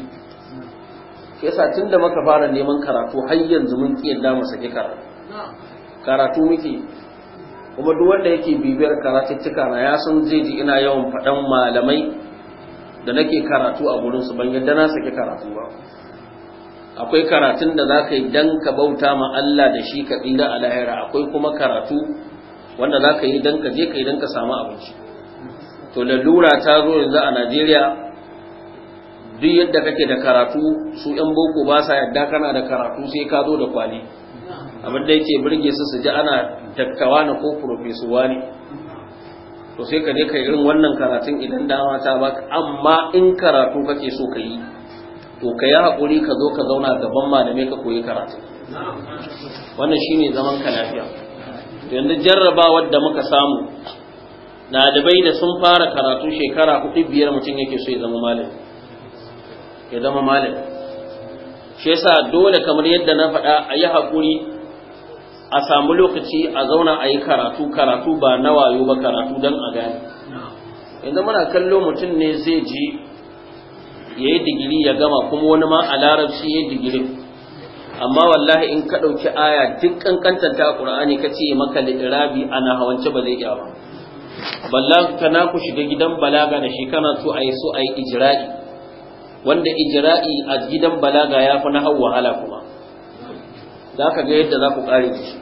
yasa tun da muka fara neman karatu har yanzu mun ki yadda mu saki karatu karatu muke kuma duk wanda yake bibiyar karatuttuka na ya san zai ji ina yawan faɗan malamai da nake karatu a gurin su ban yadda na saki karatu ba akwai karatun da zaka yi dan ka bauta ma Allah da shi ka tsira a akwai kuma karatu wanda zaka yi dan ka je ka yi dan ka samu abinci to lalura ta zo yanzu a Najeriya duk yadda kake da karatu su yan boko ba sa yadda kana da karatu sai ka zo da kwali abin da yake burge su su ji ana dakkawa na ko profesuwa ne to sai ka je ka irin wannan karatun idan dama ta baka amma in karatu kake so ka yi to ka yi haƙuri ka zo ka zauna gaban malamai ka koyi karatu wannan shine zaman ka lafiya yanzu jarrabawar da muka samu ɗalibai da sun fara karatu shekara hudu biyar mutum yake so ya zama malami ya zama malam. shi yasa dole kamar yadda na faɗa a yi haƙuri a samu lokaci a zauna a yi karatu karatu ba na wayo ba karatu don a gane yanzu muna kallo mutum ne zai je ya yi digiri ya gama kuma wani ma a larabci ya yi digiri. amma wallahi in ka ɗauki aya duk kankantanta a ƙur'ani ka ce maka li'irabi ana hawance ba zai iya ba balla ka na ku shiga gidan balaga da shi kana so a yi so a yi ijra'i wanda ijra'i a gidan balaga ya fi na wahala kuma za ka ga yadda za ku ƙare shi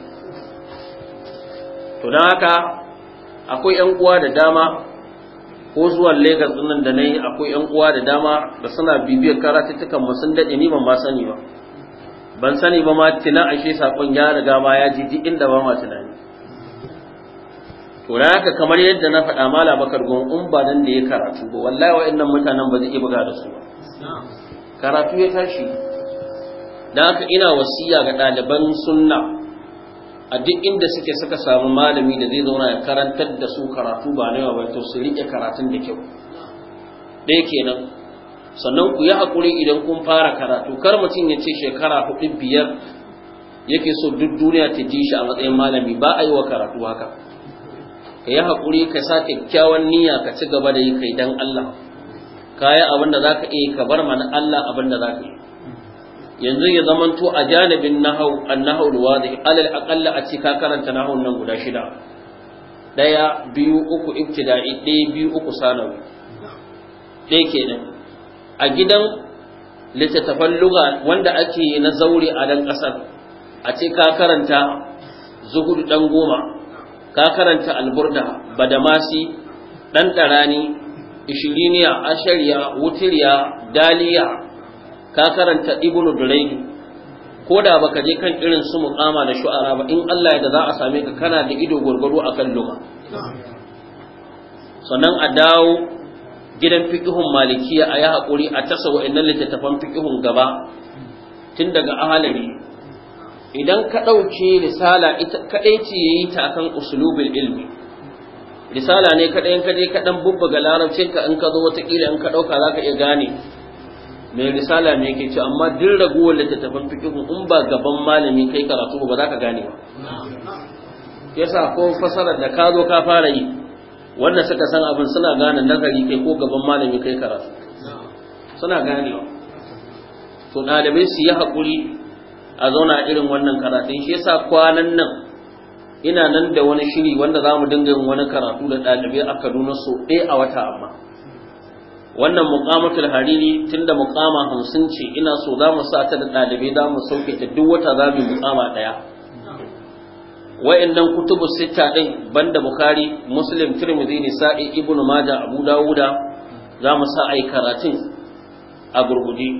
to don haka akwai 'yan uwa da dama ko zuwan Legas nan da na yi akwai 'yan uwa da dama da suna bibiyar karatuttukan mu sun daɗe ni ban ma sani ba ban sani ba ma tuna ashe sakon ya riga ma ya ji duk inda ba ma tunani to na haka kamar yadda na faɗa mala bakar gwan in ba nan da ya karatu ba wallahi wa'annan mutanen ba zai iya buga da su ba karatu ya tashi da haka ina wasiya ga ɗaliban sunna a duk inda suke suka samu malami da zai zauna ya karantar da su karatu ba na yawa to su riƙe karatun da kyau ɗaya kenan sannan ku yi haƙuri idan kun fara karatu kar mutum ya ce shekara hudu biyar yake so duk duniya ta ji shi a matsayin malami ba a yi wa karatu haka ka yi haƙuri ka sa kyakkyawan niyya ka ci gaba da yi kai dan Allah kayi abin da za ka iya ka bar mana Allah abin da za ka yi yanzu ya zamanto a janibin nahau annahu alwadi alal aqalla a ce ka karanta nahau nan guda shida daya biyu uku ibtida'i daya biyu uku sanawi dai kenan a gidan littattafan luga wanda ake na zaure a dan kasar a ce ka karanta zuhud dan goma ka karanta alburda badamasi dan darani ishiriniya ashariya wutiriya daliya ka karanta ibnu duraidu ko da baka je kan irin su muqama da shu'ara ba in Allah ya da za a same ka kana da ido gurguru akan luma sannan a dawo gidan fiqihun malikiya a yi hakuri a tasa wa'annan littattafan fiqihun gaba tun daga ahalari idan ka ɗauke risala ita kaɗai ce yi ta akan usulubul ilmi risala ne kaɗai in ka je kaɗan bubbuga larabcinka in ka zo watakila in ka ɗauka za ka iya gane mai risala ne yake cewa amma duk ragowar littattafan fikihu in ba gaban malami kai karatu ba za ka gane ba yasa ko fasarar da ka zo ka fara yi wanda suka san abin suna gane nazari kai ko gaban malami kai karatu suna gane to ɗalibai su yi haƙuri a zauna irin wannan karatun shi yasa kwanan nan ina nan da wani shiri wanda za mu dinga wani karatu da ɗalibai a Kaduna so ɗaya a wata amma wannan muqamatul hariri tunda muqama hamsin ce ina so za mu sa ta da ɗalibai za mu sauke ta duk wata za mu muqama ɗaya wa'annan kutubu sita din banda bukhari muslim tirmidhi nisa'i ibnu majah abu dawuda za mu sa ai karatun a gurgudi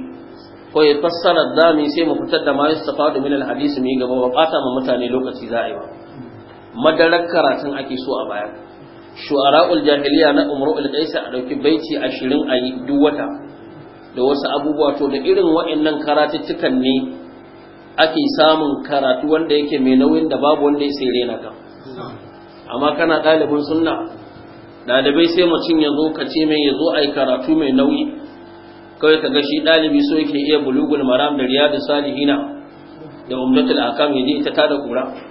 ko ya fassara dami sai mu fitar da ma da min al hadisi mu gaba ba fata ma mutane lokaci za a yi ba madarar karatun ake so a baya shu'ara'ul jahiliya na umru'ul qais a dauki baiti ashirin ayi duk wata da wasu abubuwa to da irin wa'annan karatuttukan ne ake samun karatu wanda yake mai nauyin da babu wanda ya sai rena kan. amma kana ɗalibin sunna ɗalibai sai mutum ya zo ka ce mai ya zo a yi karatu mai nauyi kawai ka ga shi ɗalibi so yake iya bulugul maram da riyadu salihina da umdatul akam ya ji ita ta da kura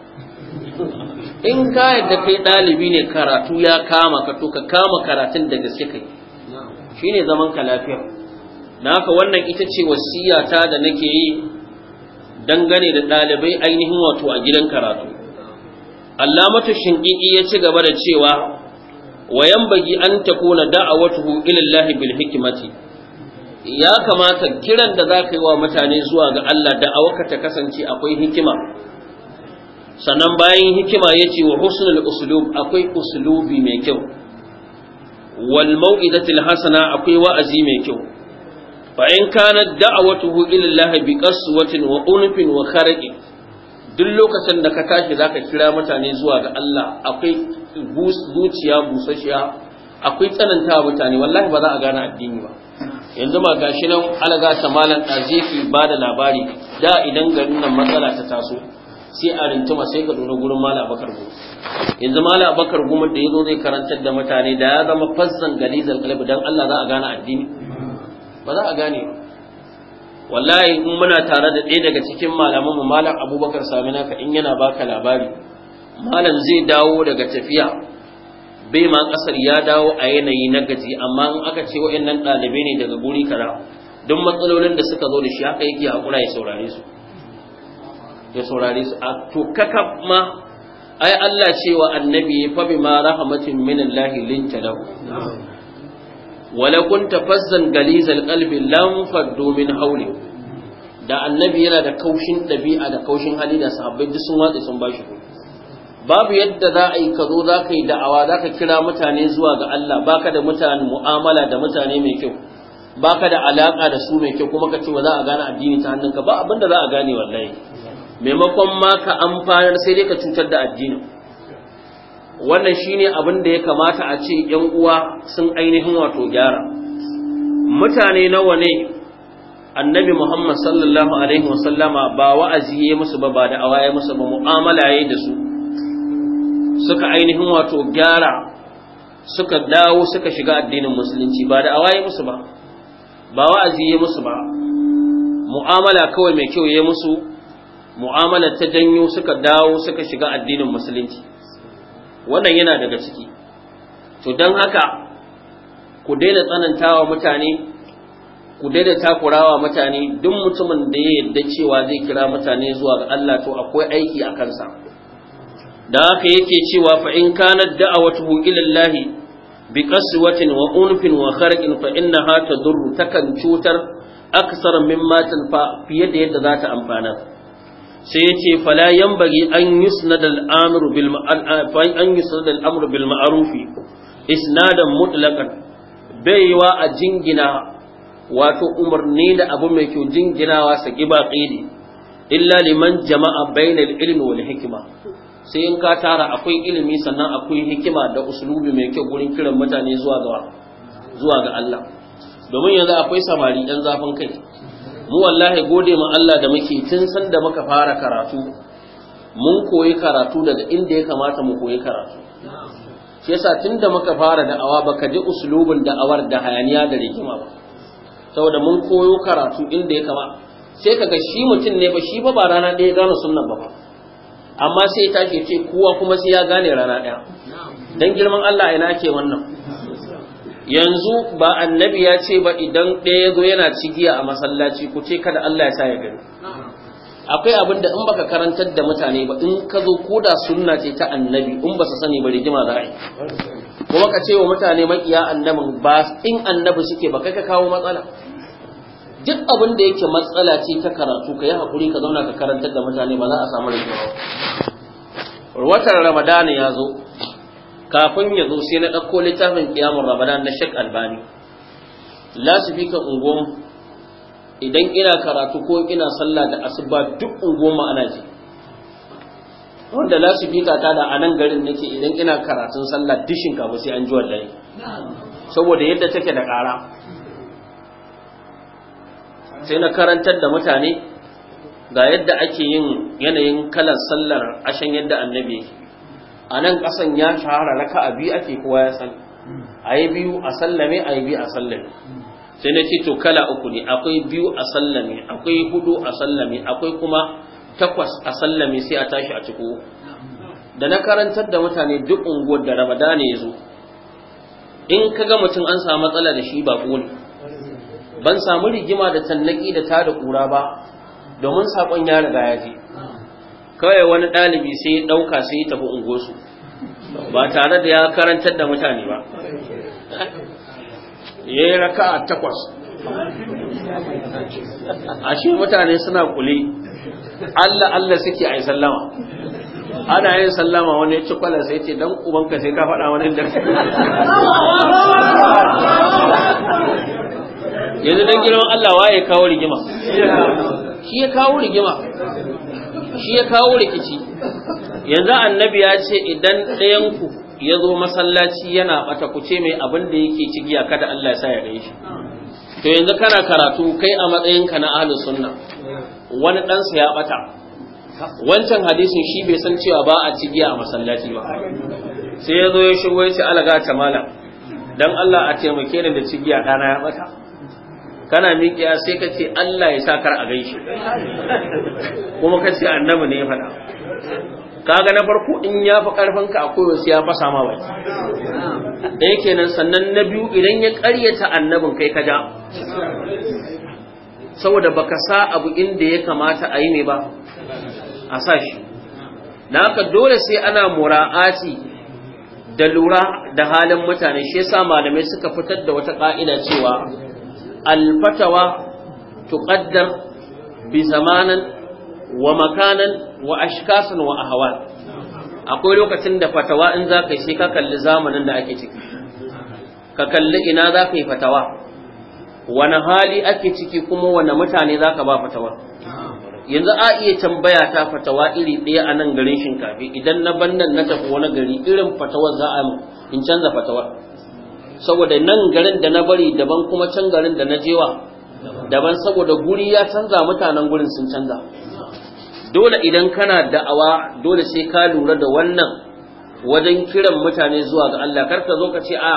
in ka yadda kai ɗalibi ne karatu ya kama ka to ka kama karatun da gaske kai shine zaman ka lafiya na ka wannan ita ce ta da nake yi dangane da ɗalibai ainihin wato a gidan karatu allamatu shinƙiƙi ya ci gaba da cewa wayan bagi an ta kona da'awatuhu ila Allah bil hikmati ya kamata kiran da zaka yi wa mutane zuwa ga Allah da'awaka ta kasance akwai hikima sannan bayan hikima ya ce wa husnul uslub akwai uslubi mai kyau wal mau'izatil hasana akwai wa'azi mai kyau fa in kana da'awatuhu ila Allah bi qaswatin wa unfin wa kharqi duk lokacin da ka tashi zaka kira mutane zuwa ga Allah akwai zuciya busasshiya akwai tsananta mutane wallahi ba za a gane addini ba yanzu ma gashi nan alaga samalan ɗazifi ba da labari da idan garin nan matsala ta taso sai a rintuma sai ka dora gurin mala bakar gu yanzu mala bakar goma da yazo zai karantar da mutane da ya zama fassan galizal qalbi dan Allah za a gane addini ba za a gane wallahi in muna tare da ɗaya daga cikin malaman mu malam Abubakar Samina ka in yana baka labari malam zai dawo daga tafiya bai ma kasar ya dawo a yanayi na gaji amma in aka ce wa'annan ɗalibai ne daga guri kara duk matsalolin da suka zo da shi haka yake hakura ya saurare su ya saurare su a to kaka ma ai Allah ce wa annabi fa ma rahmatin min Allah linta lahu la kunta fazzan galizal qalbi lam faddu min hawli da annabi yana da kaushin dabi'a da kaushin hali da sahabbai duk sun watsa sun bashi babu yadda za a yi ka zo za ka yi da'awa za ka kira mutane zuwa ga Allah baka da mutane mu'amala da mutane mai kyau baka da alaka da su mai kyau kuma ka ce ba za a gane addini ta hannunka ba abinda za a gane wallahi maimakon ma ka amfanar sai dai ka cutar da addinin wannan shine abin da ya kamata a ce yan uwa sun ainihin wato gyara mutane nawa ne annabi muhammad sallallahu alaihi wasallama ba wa'azi ya musu ba ba da awaye musu ba mu'amala ya da su suka ainihin wato gyara suka dawo suka shiga addinin musulunci ba da awaye musu ba ba wa'azi ya musu ba mu'amala kawai mai kyau ya musu mu'amalar ta janyo suka dawo suka shiga addinin musulunci wannan yana daga ciki to don haka ku daina tsanantawa mutane ku daina takurawa mutane duk mutumin da ya yadda cewa zai kira mutane zuwa ga Allah to akwai aiki a kansa da haka yake cewa fa in kana da'awatu ila Allah bi qaswatin wa unfin wa kharqin fa innaha tadur takan cutar aksar mimma tanfa fiye da yadda za ta amfana sai ya ce fala bari an yi sunadar amru bil an yusnada al-amru bil ma'ruf isnadan mutlaqan baiwa a jingina wato umarni da abu mai kyau jinginawa sa giba ne. illa liman jama'a bainal ilmi wal hikima. sai in ka tara akwai ilimi sannan akwai hikima da uslubi mai kyau gurin kiran mutane zuwa ga zuwa ga Allah domin yanzu akwai samari ɗan zafin kai mu wallahi gode ma Allah da muke tun san da muka fara karatu mun koyi karatu daga inda ya kamata mu koyi karatu shi yasa tun da muka fara da'awa baka ji uslubin da'awar da hayaniya da rigima ba saboda mun koyo karatu inda ya kama, sai kaga shi mutum ne ba shi ba ba rana ɗaya gane sunnan ba amma sai ta ce kowa kuma sai ya gane rana ɗaya dan girman Allah ina ke wannan yanzu ba annabi ya ce ba idan ɗaya ya zo yana cigiya a masallaci ku ce kada Allah ya sa ya gani akwai abin da in baka karantar da mutane ba in ka zo ko da sunna ce ta annabi in ba su sani ba rigima za a yi kuma ka ce wa mutane makiya annabin ba in annabi suke ba kai ka kawo matsala duk abin da yake matsala ce ta karatu ka yi hakuri ka zauna ka karantar da mutane ba za a samu rigima watan ramadana ya zo kafin ya zo sai na ɗauko littafin kiyamun ramadan na shek albani lasifika unguwan idan ina karatu ko ina sallah da asuba duk unguwan ma ana ji wanda lasifika ta da a nan garin nake idan ina karatun sallah dishin kamu sai an ji wallahi saboda yadda take da ƙara sai na karantar da mutane ga yadda ake yin yanayin kalar sallar ashen yadda annabi yake a nan ƙasan ya shahara raka a biyu ake kowa ya san a yi biyu a sallame a yi biyu a sallame sai na ce to kala uku ne akwai biyu a sallame akwai hudu a sallame akwai kuma takwas a sallame sai a tashi a ciko da na karantar da mutane duk unguwar da ramadana ya zo in ka ga mutum an samu matsala da shi ba ne ban samu rigima da tannaki da ta da ƙura ba domin saƙon ya riga ya je kawai wani ɗalibi sai ya ɗauka sai ya tafi ungosu ba tare da ya karantar da mutane ba ya yi raka a takwas ashe mutane suna kule Allah Allah suke a yi sallama ana yin sallama wani ya ci kwalar sai ce dan ubanka sai ka faɗa wani da yanzu dan girman Allah waye kawo rigima shi ya kawo rigima shi ya kawo rikici yanzu annabi ya ce idan ɗayanku ya zo masallaci yana bata kuce mai abin da yake cigiya kada Allah ya sa ya gaishe to yanzu kana karatu kai a matsayinka na ahlus sunna wani ɗansa ya bata wancan hadisin shi bai san cewa ba a cigiya a masallaci ba sai ya zo ya shigo ya ce alaga ta malam dan Allah a taimake ni da cigiya ɗana ya bata kana miƙiya sai ka ce Allah ya sa kar a gaishe kuma ka ce annabi ne ya faɗa kaga na farko in ya fi ƙarfinka a koyaushe ya fasa ma baki ɗaya kenan sannan na biyu idan ya ƙaryata annabin kai ka ja saboda baka sa abu inda ya kamata a yi ne ba a sa shi na haka dole sai ana mura'ati da lura da halin mutane shi yasa malamai suka fitar da wata ƙa'ida cewa alfatawa Tukaddar, bi zamanan wa makanan akwai lokacin da fatawa in za ka yi sai ka kalli zamanin da ake ciki ka kalli ina za ka yi fatawa wani hali ake ciki kuma wani mutane za ka ba fatawa yanzu a iya tambaya ta fatawa iri ɗaya a nan garin shinkafi idan na ban nan na tafi wani gari irin fatawar za a in canza fatawar saboda nan garin da na bari daban kuma can garin da na jewa daban saboda guri ya canza mutanen gurin sun canza dole idan kana da'awa dole sai ka lura da wannan wajen kiran mutane zuwa ga Allah kar ka zo ka ce a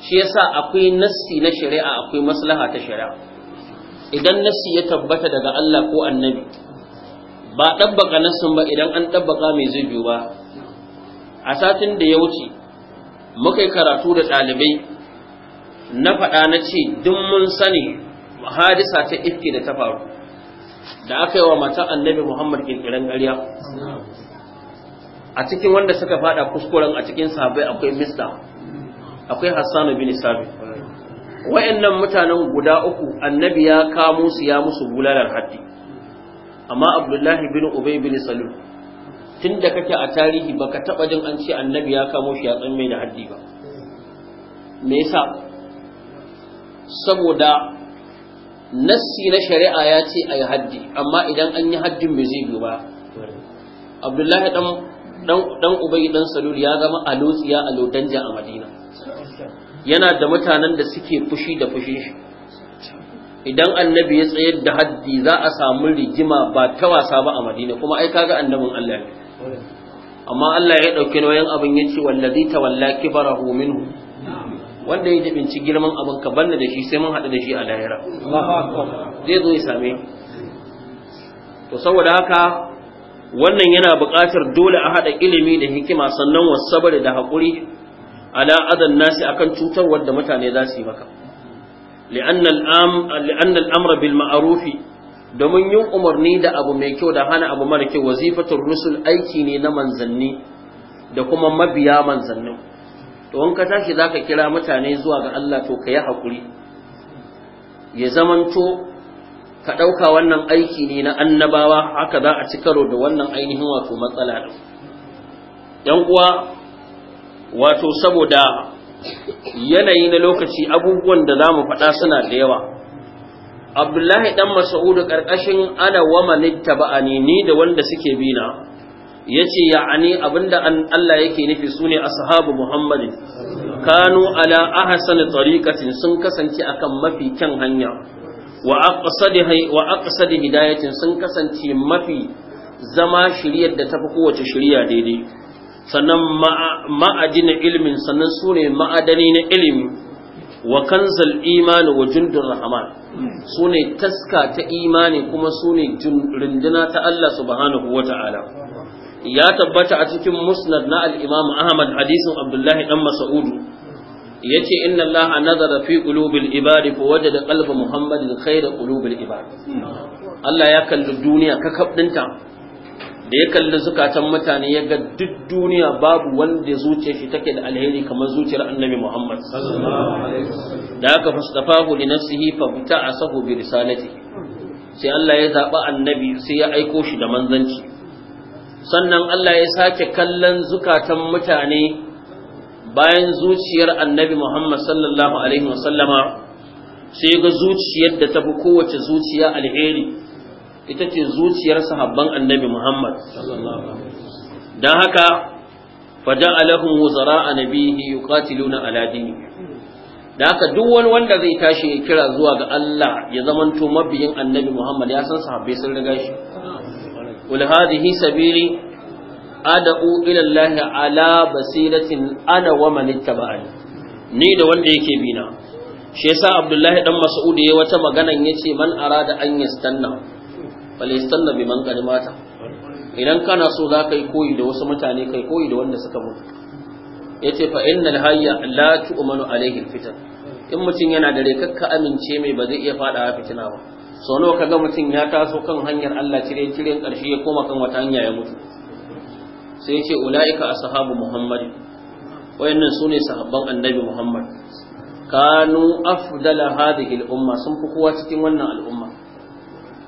shi yasa akwai nassi na shari'a akwai maslaha ta shari'a idan nassi ya tabbata daga Allah ko annabi ba ɗabbaka nassin ba idan an ɗabbaka mai zai biyu ba a satin da ya wuce muka yi karatu da ɗalibai na faɗa na ce duk mun sani hadisa ta ifki da ta faru da aka yi wa matan annabi muhammad ƙirƙiran ƙarya a cikin wanda suka faɗa kuskuren a cikin sahabbai akwai mista akwai hassanu bin sabi wa'annan mutanen guda uku annabi ya kamo su ya musu bulalar haddi amma abdullahi bin ubay bin salul tun da kake a tarihi ba ka taba jin an ce annabi ya kamo shi tsan mai da haddi ba me yasa saboda nassi na shari'a ya ce a yi haddi amma idan an yi haddin bai zai biyu ba abdullahi dan ubai dan salul ya zama a lotsiya a lodanja a madina yana da mutanen da suke fushi da fushi idan annabi ya tsayar da haddi za a samu rigima ba ta wasa ba a madina kuma ai kaga annabin Allah ne amma Allah ya ɗauki nauyin abin ya ce wallazi tawalla kibarahu minhu wanda ya jibinci girman abin ka banna da shi sai mun haɗu da shi a lahira zai zo ya same to saboda haka wannan yana buƙatar dole a haɗa ilimi da hikima sannan wasabari da haƙuri ala adan nasi akan cutarwar da mutane za su yi maka li'anna al'amra bil ma'arufi domin yin umarni da abu mai kyau da hana abu mara kyau wazifatul rusul aiki ne na manzanni da kuma mabiya manzannin to in ka tashi zaka kira mutane zuwa ga Allah to ka yi hakuri ya zamanto ka ɗauka wannan aiki ne na annabawa haka za a ci karo da wannan ainihin wato matsala ɗin ‘yan uwa wato saboda yanayi na lokaci abubuwan da za mu faɗa suna da yawa abdullahi dan mas'ud karkashin ana wa ba'ani ni da wanda suke bina yace ya'ani abinda an Allah yake nufi sune ashabu muhammadin kanu ala ahsani tariqatin sun kasance akan mafi kyan hanya wa aqsadihi wa aqsadi hidayatin sun kasance mafi zama shiriyar da tafi kowace shiriya daidai sannan ma'ajin ilmin sannan sune ma'adani na ilimi wa kanzal imani wa jundun rahman su ne taska ta imani kuma su ne runduna ta Allah subhanahu wa ta'ala ya tabbata a cikin musnad na Al-Imam ahmad hadisin abdullahi dan masa'udu ya ce inna allaha nazara fi qulubil ibadi fa wajada qalba muhammadin khayra qulubil ibadi hmm. Allah ya kalli duniya ka kabdinta da ya kalli zukatan mutane ya ga duk duniya babu wanda zuciya shi take da alheri kamar zuciyar annabi Muhammad da aka fastafahu li nafsihi fa bi risalati sai Allah ya zaba annabi sai ya aiko shi da manzanci sannan Allah ya sake kallon zukatan mutane bayan zuciyar annabi Muhammad sallallahu alaihi wasallama sai ga zuciyar da ta fi kowace zuciya alheri ita ce zuciyar sahabban annabi Muhammad dan haka faja'alahum wuzara nabihi yuqatiluna ala dini da haka duk wani wanda zai tashi ya kira zuwa ga Allah ya zamanto mabiyin annabi Muhammad ya san sahabbai sun riga shi qul hadhihi sabili ad'u ila Allah ala basiratin ana wa man ittaba'ani ni da wanda yake bina shi yasa Abdullahi dan Mas'ud ya wata maganan yace man arada an yastanna falistanna bi man mata idan kana so za ka yi koyi da wasu mutane kai koyi da wanda suka mutu yace fa innal hayya la tu'manu alaihi fitan in mutum yana da kakka amince mai ba zai iya fada fitina ba so nawa kaga mutum ya taso kan hanyar Allah cire ciren karshe ya koma kan wata hanya ya mutu sai yace ulaika ashabu muhammad wayannan sune sahabban annabi muhammad kanu afdala hadhihi al-umma sun fi kowa cikin wannan al'umma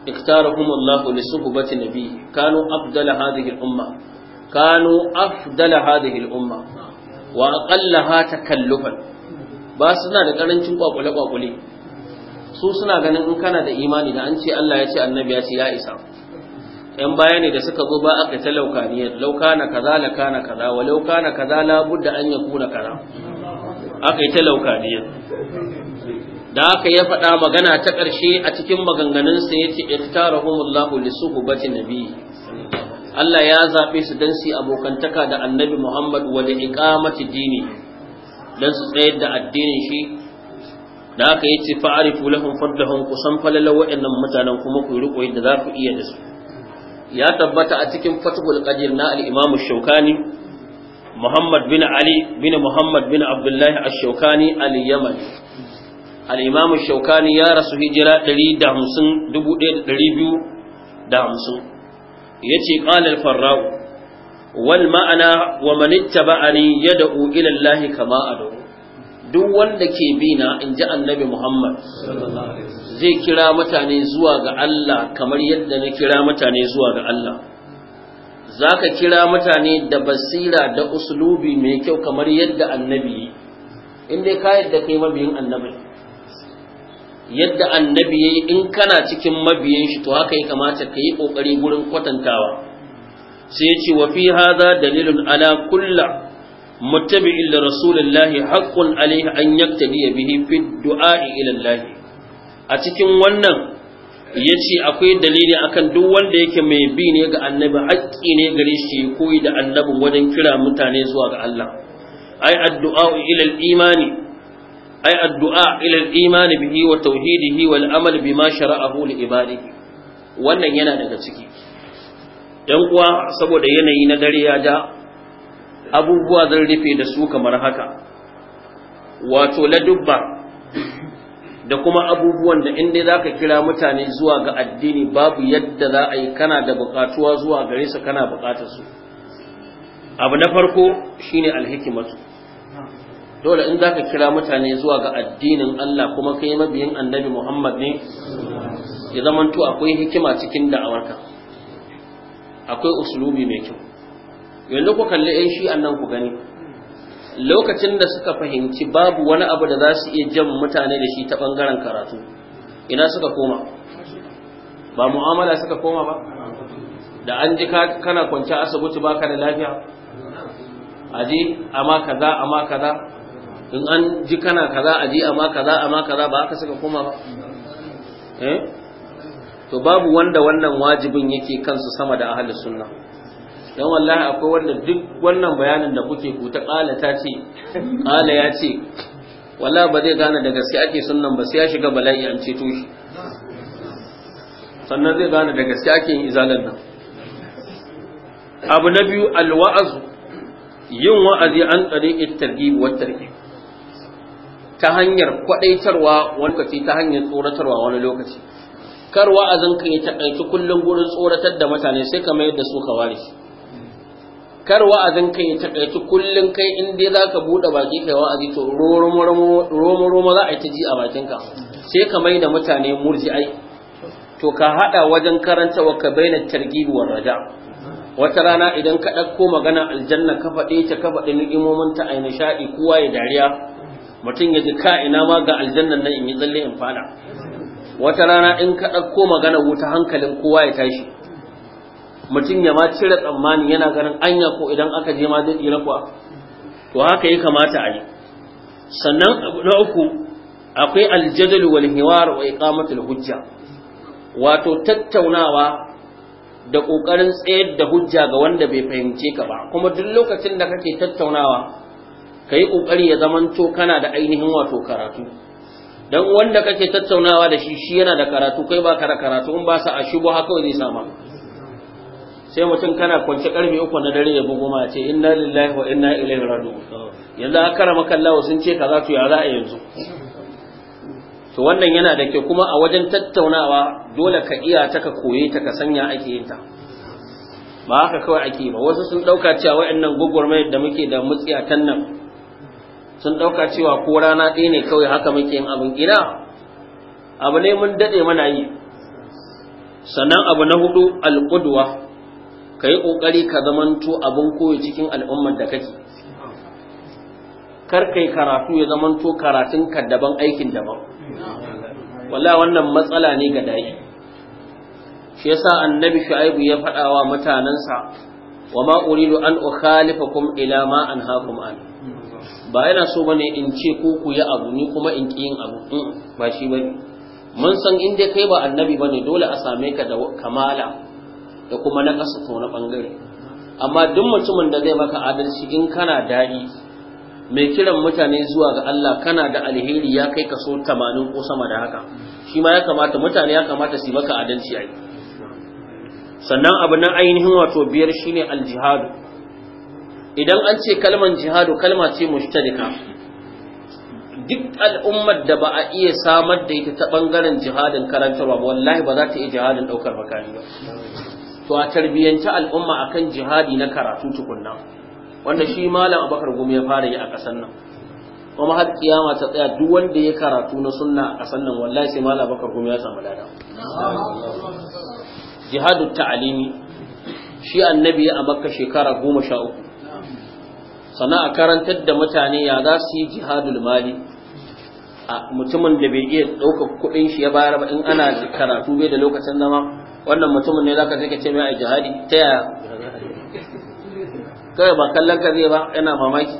اختارهم الله لصحبة نبيه كانوا أفضل هذه الأمة كانوا أفضل هذه الأمة وأقلها تكلفا باسنا لقرن شوق أقول أقولي su suna ganin in kana da imani da an ce Allah ya ce annabi ya ce ya isa yan baya ne da suka zo ba aka ta laukaniyar laukana kaza la kana kaza wa laukana kaza la budda an yakuna kaza aka yi ta laukaniyar da aka ya faɗa magana ta ƙarshe a cikin maganganunsa ya ce ikhtarahumullahu li suhbati nabi Allah ya zaɓe su don su abokantaka da annabi Muhammad wa da iqamati dini don su tsayar da addinin shi da aka ya ce fa'arifu lahum fadlahum kusan falala wa'annan mutanen kuma ku riƙo yadda za ku iya da su ya tabbata a cikin fatuhul qadir na al Imam shaukani Muhammad bin Ali bin Muhammad bin Abdullahi ash-Shawkani al-Yamani al'imamu shaukani ya rasu hijira hamsin. ya ce ƙalar farra'u wal ma'ana wa manitta ba'ani ya da'u ilallahi kama a duk wanda ke bina in ji annabi muhammad zai kira mutane zuwa ga Allah kamar yadda na kira mutane zuwa ga Allah za ka kira mutane da basira da uslubi mai kyau kamar yadda annabi in dai ka yadda kai mabiyin annabi yadda annabi ya in kana cikin mabiyan shi to haka ya kamata ka yi ƙoƙari gurin kwatantawa sai ya ce wa fi haza dalilun ala kulla muttabi'in illa rasulullahi haqqun alayhi an ya bihi fi du'a'i ila Allah a cikin wannan ya ce akwai dalili akan duk wanda yake mai bi ne ga annabi haƙƙi ne gare shi koyi da annabin wajen kira mutane zuwa ga Allah ai addu'a ila imani ay addu'a ila al-iman bihi wa tauhidihi wal amal bima shara'ahu li ibadihi wannan yana daga ciki Dan uwa saboda yanayi na dare ya ja abubuwa zan rufe da su kamar haka wato ladubba da kuma abubuwan da inda za ka kira mutane zuwa ga addini babu yadda za a yi kana da buƙatuwa zuwa gare su kana buƙatar su abu na farko shine alhikimatu dole in zaka kira mutane zuwa ga addinin Allah kuma kai mabiyin annabi Muhammad ne ya zaman to akwai hikima cikin da'awarka akwai usulubi mai kyau yanzu ku kalli ɗan shi annan ku gani lokacin da suka fahimci babu wani abu da za su iya jan mutane da shi ta ɓangaren karatu ina suka koma ba mu'amala suka koma ba da an ji kana kwanci asibiti ba ka da lafiya aje amma kaza amma kaza in an ji kana kaza a ji amma kaza amma kaza ba aka saka koma ba eh to babu wanda wannan wajibin yake kansu sama da ahlus sunna dan wallahi akwai wanda duk wannan bayanin da kuke ku ta kala ta ce kala ya ce wallahi ba zai gane da gaske ake sunnan ba sai ya shiga bala'i an ceto shi sannan zai gane da gaske ake yin izalan nan abu na biyu alwa'azu yin wa'azi an tsare targhib wa tarhib ta hanyar kwadaitarwa wani lokaci ta hanyar tsoratarwa wani lokaci kar wa'azin kai ya takaici kullum gurin tsoratar da mutane sai ka mayar da su ka ware kar wa'azin kai ya takaici kullum kai in dai za ka buɗe baki kai wa'azi to romo romo za a yi ta ji a bakinka sai ka mayar da mutane murji'ai to ka haɗa wajen karanta wa ka baina targibi wa raja wata rana idan ka ɗauko magana aljanna ka faɗe ta ka faɗi ni'imomin ta a nishaɗi kowa ya dariya mutum ya ji kaina ma ga aljannan nan in yi tsalle in fada wata rana in ka ɗauko magana wuta hankalin kowa ya tashi mutum ya ma cire tsammani yana ganin anya ko idan aka je ma zai tsira kuwa to haka ya kamata a yi sannan abu na uku akwai aljadal wal hiwar wa iqamatul hujja wato tattaunawa da ƙoƙarin tsayar da hujja ga wanda bai fahimce ka ba kuma duk lokacin da kake tattaunawa ka yi ƙoƙari ya zamanto kana da ainihin wato karatu Don wanda kake tattaunawa da shi shi yana da karatu kai ba da karatu in ba sa a shigo haka zai sama sai mutum kana kwance karfe uku na dare ya buguma ce inna lillahi wa inna ilaihi yanzu aka kara sun ce kaza to ya za a yanzu to wannan yana da kyau kuma a wajen tattaunawa dole ka iya ta ka koye ta ka sanya ake yin ta ba haka kawai ake ba wasu sun dauka cewa wayannan gugurmayar da muke da mutsiya kan nan sun ɗauka cewa ko rana ɗaya ne kawai haka muke yin abin gida? abu ne mun daɗe mana yi sannan abu na hudu alƙudwa ka yi ƙoƙari ka zamanto abin koyi cikin al'ummar da kake kar kai karatu ya zamanto karatun ka daban aikin daban wallahi wannan matsala ne ga dai shi yasa annabi shu'aibu ya faɗa wa mutanansa wa ma uridu an ukhalifakum ila ma anhaakum an ba yana so bane in ce ko ku yi abu ni kuma in ƙi yin abu mm, ba shi bane mun san in dai kai ba annabi bane dole a same ka da kamala da kuma na ƙasa ko na bangare amma duk mutumin da zai maka adalci in kana daɗi mai kiran mutane zuwa ga Allah kana da alheri ya kai kaso tamanin ko sama da haka shi ma ya kamata mutane ya kamata su maka adalci ai sannan abu nan ainihin wato biyar shine aljihadu idan an ce kalmar jihadu kalma ce mushtarika duk al'ummar da ba a iya samar da ita ta bangaren jihadin karantarwa ba wallahi ba za ta iya jihadin daukar makami ba to a tarbiyyanci al'umma akan jihadi na karatu tukunna wanda shi malam abakar gumi ya fara yi a ƙasar nan kuma har kiyama ta tsaya duk wanda ya karatu na sunna a ƙasar nan wallahi sai malam abakar gumi ya samu lada jihadu ta'alimi shi annabi a makka shekara goma sha uku Sana a karantar da mutane ya za su yi jihadul mali a mutumin da bai iya ɗaukar kuɗin shi ya bayar ba in ana karatu bai da lokacin zama wannan mutumin ne zaka ka ce mai a jihadi ta yaya kawai ba kallon ka zai ba yana mamaki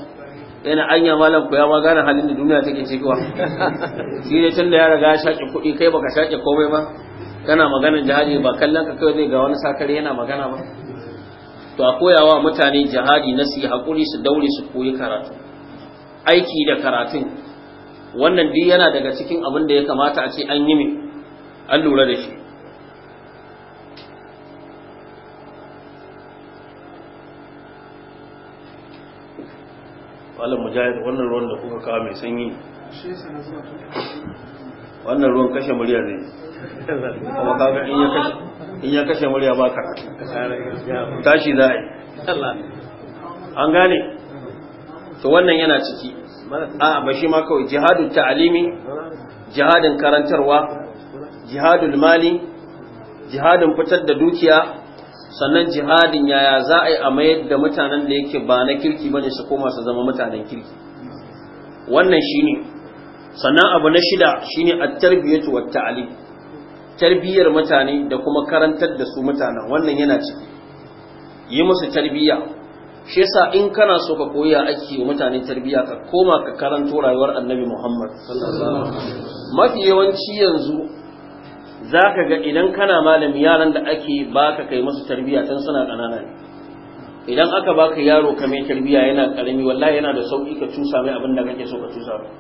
yana anya malam ku ya ma gane halin da duniya take kuwa <laughs> shi ne tun da ya riga ya shaƙe kuɗi kai baka shaƙe komai ba kana maganar jihadi ba kallon ka kawai zai ga wani sakari yana magana ba to a koyawa mutane jihadi na su haƙuri su daure su koyi karatu aiki da karatun wannan duk yana daga cikin abin da ya kamata a ce an yi mai an lura da shi malam mujahid wannan ruwan da kuka kawo mai sanyi wannan ruwan kashe murya ne. kuma kaga in ya kashe in ya kashe murya ba tashi za a yi an gane to wannan yana ciki a ba shi ma kawai jihadul ta'alimi jihadin karantarwa jihadu mali jihadin fitar da dukiya sannan jihadin yaya za a yi a mayar da mutanen da yake ba na kirki bane su koma su zama mutanen kirki wannan shine sannan abu na shida shine at-tarbiyatu wat-ta'lim tarbiyyar mutane da kuma karantar da su mutanen wannan yana ciki yi musu tarbiyya shi yasa in kana so ka koya ake mutane tarbiyya ka koma ka karanto rayuwar annabi muhammad mafi yawanci yanzu za ka ga idan kana malami yaran da ake ka kai musu tarbiyya tun suna ƙanana ne idan aka ba ka yaro ka mai tarbiyya yana ƙarami wallahi yana da sauƙi ka cusa mai abin da kake so ka cusa mai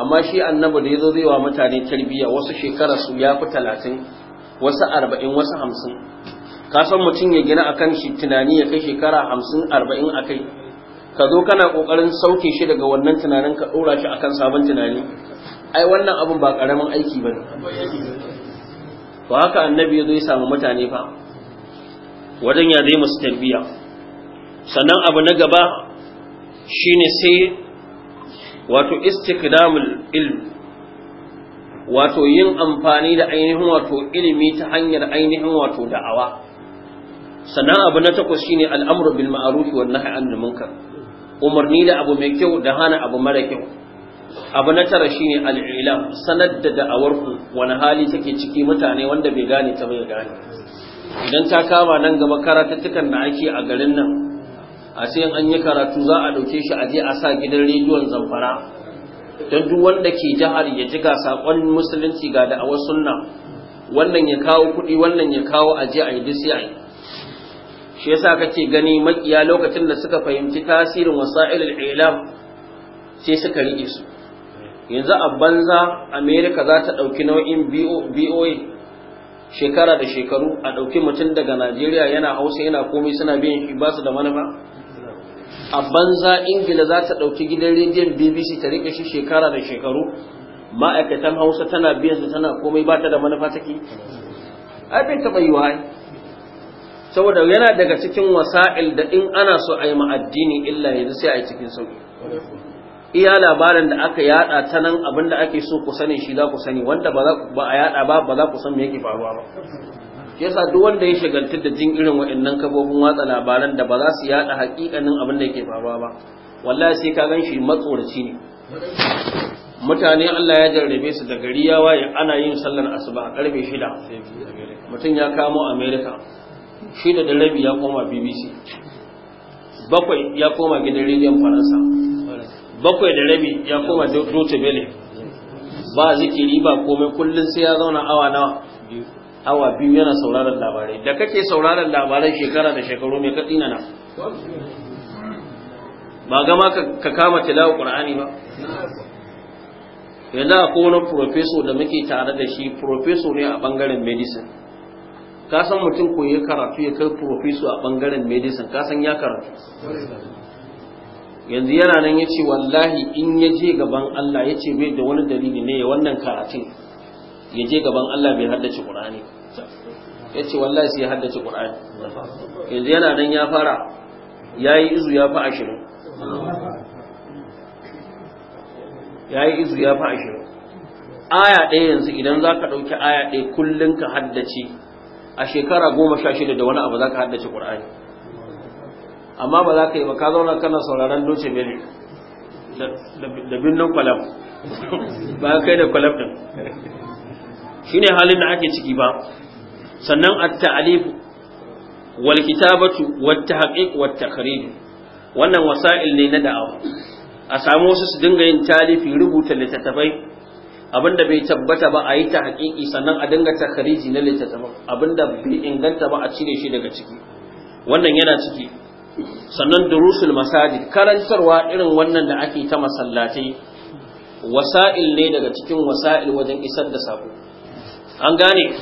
amma shi annabi da ya zo zai wa mutane tarbiyya wasu shekara su ya fi talatin wasu arba'in wasu hamsin ka san mutum ya gina akan shi tunani ya kai shekara hamsin arba'in a kai ka zo kana kokarin sauke shi daga wannan tunanin ka ɗora shi akan sabon tunani ai wannan abin ba ƙaramin aiki ba ne to haka annabi ya zo ya samu mutane fa wajen ya zai musu tarbiyya sannan abu na gaba shine sai wato istikdamul ilm wato yin amfani da ainihin wato ilimi ta hanyar ainihin wato da'awa sannan abu na takwas shine al'amru bil ma'ruf wa nahy anil munkar umarni da abu mai kyau da hana abu mara kyau abu na tara shine al'ilam sanar da da'awar ku wani hali take ciki mutane wanda bai gane ta bai gane idan ta kama nan gaba karatattukan da ake a garin nan a sai an yi karatu za a ɗauke shi a je a sa gidan rediyon zamfara don duk wanda ke jihar ya ji ga saƙon musulunci ga da awar sunna wannan ya kawo kuɗi wannan ya kawo a yi disi a yi shi yasa kake gani makiya lokacin da suka fahimci tasirin wasa'il al'ilam sai suka rike su yanzu a banza Amerika za ta ɗauki nau'in boa shekara da shekaru a ɗauki mutum daga najeriya yana hausa yana komai suna biyan shi ba su da manufa a banza ingila za ta ɗauki gidan rediyon bbc ta rike shi shekara da shekaru ma'aikatan hausa tana biyan su tana komai ba ta da manufa take ai bai taɓa wa saboda yana daga cikin wasa'il da in ana so a yi ma'addini illa yanzu sai a yi cikin sauƙi iya labarin da aka yada ta nan abin da ake so ku sani shi za ku sani wanda ba a yada ba ba za ku san me yake faruwa ba shi yasa duk wanda ya shagaltu da jin irin waɗannan kafofin watsa labaran da ba za su yada haƙiƙanin abin da yake faruwa ba wallahi sai ka ganshi matsoraci ne mutane Allah ya jarrabe su da gari ya waye ana yin sallar asuba a karfe 6 mutum ya kamo America shida da rabi ya koma BBC bakwai ya koma gidan rediyon Faransa bakwai da rabi ya koma Deutsche Welle ba zikiri ba komai kullun sai ya zauna awa nawa awa biyu yana sauraron labarai da kake sauraron labarai shekara da shekaru mai ka tsina na ba gama ka kama tilawa qur'ani ba yanzu a kowane profeso da muke tare da shi profeso ne a bangaren medicine ka san mutum ko ya karatu ya kai profeso a bangaren medicine ka san ya karatu yanzu yana nan ya ce wallahi in ya je gaban Allah ya ce bai da wani dalili ne ya wannan karatun ya je gaban Allah bai haddace Qur'ani ya ce wallahi sai ya haddace Qur'ani yanzu yana nan ya fara ya yi izu ya fi ashirin ya yi izu ya fi ashirin aya ɗaya yanzu idan za ka ɗauki aya ɗaya kullum ka haddace a shekara goma sha shida da wani abu za ka haddace Qur'ani amma ba za ka yi ba ka zauna kana sauraron doce bele da binnan kwalab ba kai da kwalab din Shi ne halin da ake ciki ba sannan a ta'alifu wal kitabatu wat tahqiq wat takhrij wannan wasa'il ne na da'awa a samu wasu su dinga yin talifi rubuta littattafai abinda bai tabbata ba a yi ta haƙiƙi sannan a dinga takhariji na littattafai abinda bai inganta ba a cire shi daga ciki wannan yana ciki sannan durusul masajid karantarwa irin wannan da ake ta masallatai wasa'il ne daga cikin wasa'il wajen isar da sako an gane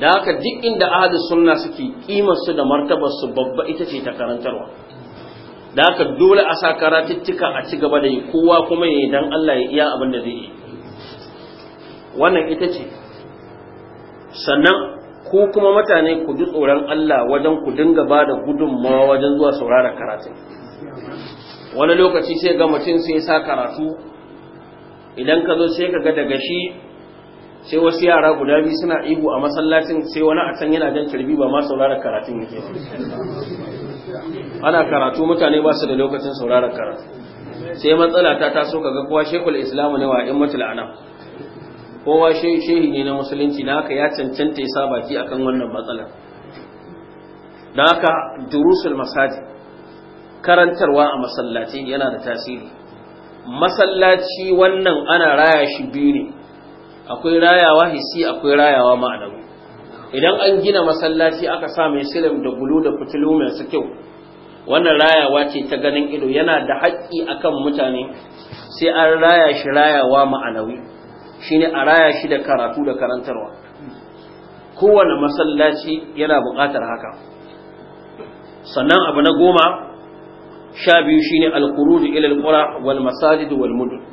da haka duk inda ahadu sunna suke kimar su da martabar su babba ita ce ta karantarwa da haka dole a sa karatuttuka a ci gaba da yi kowa kuma yi dan Allah ya iya abin da zai yi wannan ita ce sannan ku kuma mutane ku ji tsoron Allah wajen ku dinga ba da gudunmawa wajen zuwa saurara karatu? wani lokaci sai ga mutum sai sa karatu idan ka zo sai ka ga daga shi sai wasu yara guda biyu suna ihu a masallacin sai wani a can yana jan kirbi ba ma saurara karatun yake ana karatu mutane ba su da lokacin saurara karatu sai matsala ta taso kaga kowa shekul islamu ne wa in mutul ana kowa shehi ne na musulunci na haka ya cancanta ya sa baki akan wannan matsalar da haka durusul masaji karantarwa a masallaci yana da tasiri masallaci wannan ana raya shi biyu ne akwai rayawa hissi akwai rayawa ma'anawi idan an gina masallaci aka sa mai silim da gulu da fitilu su kyau wannan rayawa ce ta ganin ido yana da haƙƙi kan mutane sai an raya shi rayawa ma'anawi shine a raya shi da karatu da karantarwa kowane masallaci yana buƙatar haka sannan abu na goma sha biyu shine da ilal ƙura wal masajid wal mudun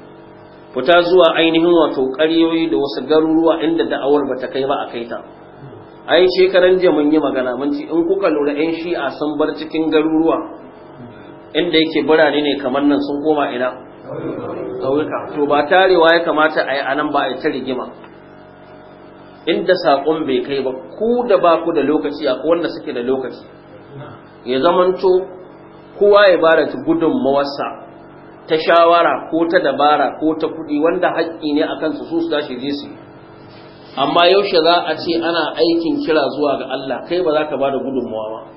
fita zuwa ainihin wato ƙaryoyi da wasu garuruwa inda da'awar ba ta kai ba a kai ta ai shekaran jiya mun yi magana mun ci in kuka lura yan shi'a sun bar cikin garuruwa inda yake birane ne kamar nan sun koma ina ƙauyuka to ba tarewa ya kamata a yi anan ba a yi ta rigima inda saƙon bai kai ba ku da ba ku da lokaci a wanda suke da lokaci ya zamanto kowa ya bara gudun mawasa. ta shawara ko ta dabara ko ta kuɗi wanda haƙƙi ne a kansu su su tashi je su amma yaushe za a ce ana aikin kira zuwa ga Allah kai ba za ka ba da gudunmawa ba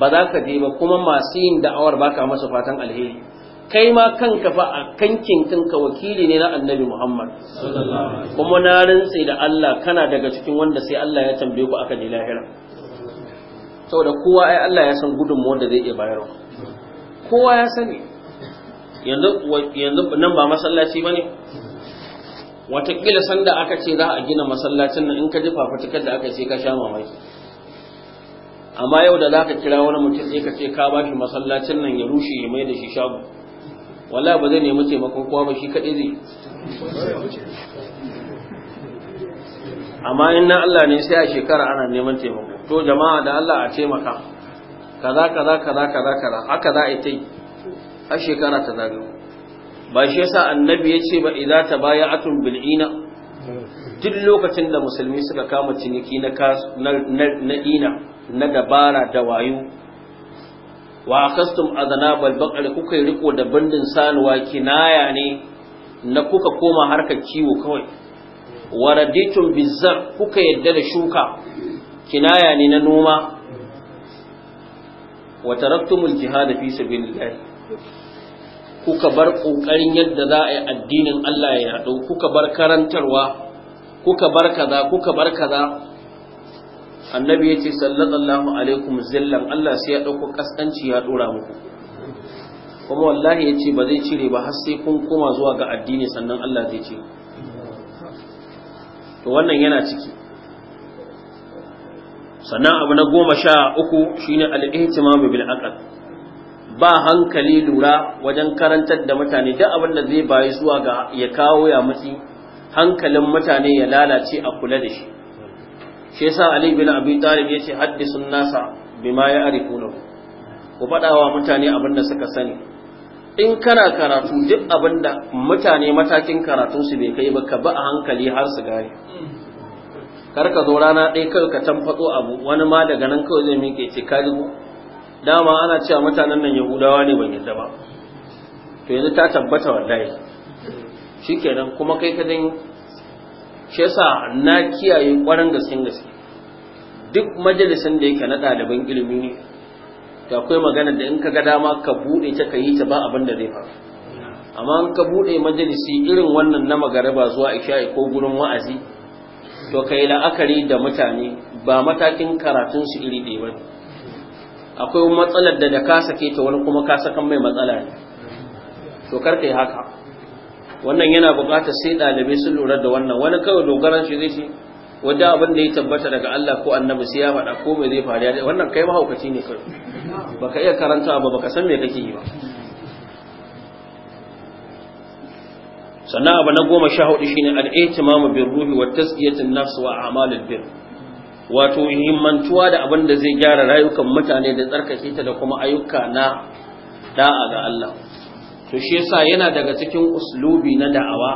ba za ka je ba kuma masu yin da'awar baka masa fatan alheri kai ma kanka fa a kankin kanka wakili ne na annabi Muhammad kuma na rantse da Allah kana daga cikin wanda sai Allah ya tambaye ku aka je lahira saboda kowa ai Allah ya san gudunmawar da zai iya bayarwa kowa ya sani yanzu yanzu nan ba masallaci ba ne watakila sanda aka ce za a gina masallacin nan in ka ji fafutukar da aka ce ka sha mamaki amma yau da za ka kira wani mutum sai ka ce ka ba shi masallacin nan ya rushe ya mai da shi shago wala ba zai nemi taimakon kowa ba shi kadai zai amma in na Allah ne sai a shekara ana neman taimako to jama'a da Allah a taimaka kaza kaza kaza kaza kaza haka za a yi ta yi har shekara ta zagayo ba shi yasa annabi ya ce ba idza baya bil ina duk lokacin da musulmi suka kama ciniki na na ina na dabara da wayo wa akastum adana bal baqar kuka riko da bandin sanuwa kinaya ne na kuka koma harkar kiwo kawai waraditum bizar kuka yadda da shuka kinaya ne na noma wa taraktumul jihad fi sabilillah kuka bar ƙoƙarin yadda za a yi addinin Allah ya yaɗo kuka bar karantarwa kuka bar kaza kuka bar kaza annabi ya ce sallallahu alaikum zillan Allah sai ya ɗauko ƙasƙanci ya ɗora muku kuma wallahi ya ce ba zai cire ba har sai kun koma zuwa ga addini sannan Allah zai ce to wannan yana ciki sannan abu na goma sha uku shine al-ihtimamu bil aqd ba hankali lura wajen karantar da mutane duk abin da zai bayi zuwa ga ya kawo ya mutu hankalin mutane ya lalace a kula da shi shi yasa Ali bin Abi Talib yace haddisun nasa bima ya arifuna ku faɗa wa mutane abin da suka sani in kana karatu duk abin da mutane matakin karatun su bai kai ba ka ba a hankali har su gane kar ka zo rana ɗaya kawai ka tamfatso abu wani ma daga nan kawai zai miƙe ce ka dama ana cewa mutanen nan yahudawa ne ban yadda ba to yanzu ta tabbata wallahi shikenan kuma kai ka dan shi yasa na kiyaye kwarin gaskin gaske duk majalisan da yake na ɗaliban ilimi ne da akwai magana da in ka ga dama ka buɗe ta ka yi ta ba abin da zai faru amma in ka buɗe majalisi irin wannan na magaraba zuwa isha'i ko gurin wa'azi to kai la'akari da mutane ba matakin karatunsu iri ɗaya ba akwai matsalar da da ka sake ta wani kuma ka sakan mai matsala ne to karka yi haka wannan yana buƙatar sai ɗalibai sun lura da wannan wani kawai dogaran shi zai ce wadda abin da ya tabbata daga Allah ko annabi sai ya faɗa ko mai zai faru wannan kai mahaukaci ne kai baka iya karanta ba baka san me kake yi ba sannan abu na goma sha hudu shine al-ihtimamu bir ruhi wa tazkiyatun nafs wa a'malul bir wato himmantuwa da abin da zai gyara rayukan mutane da tsarkake ta da kuma ayyuka na da'a ga Allah to shi yasa yana daga cikin uslubi na da'awa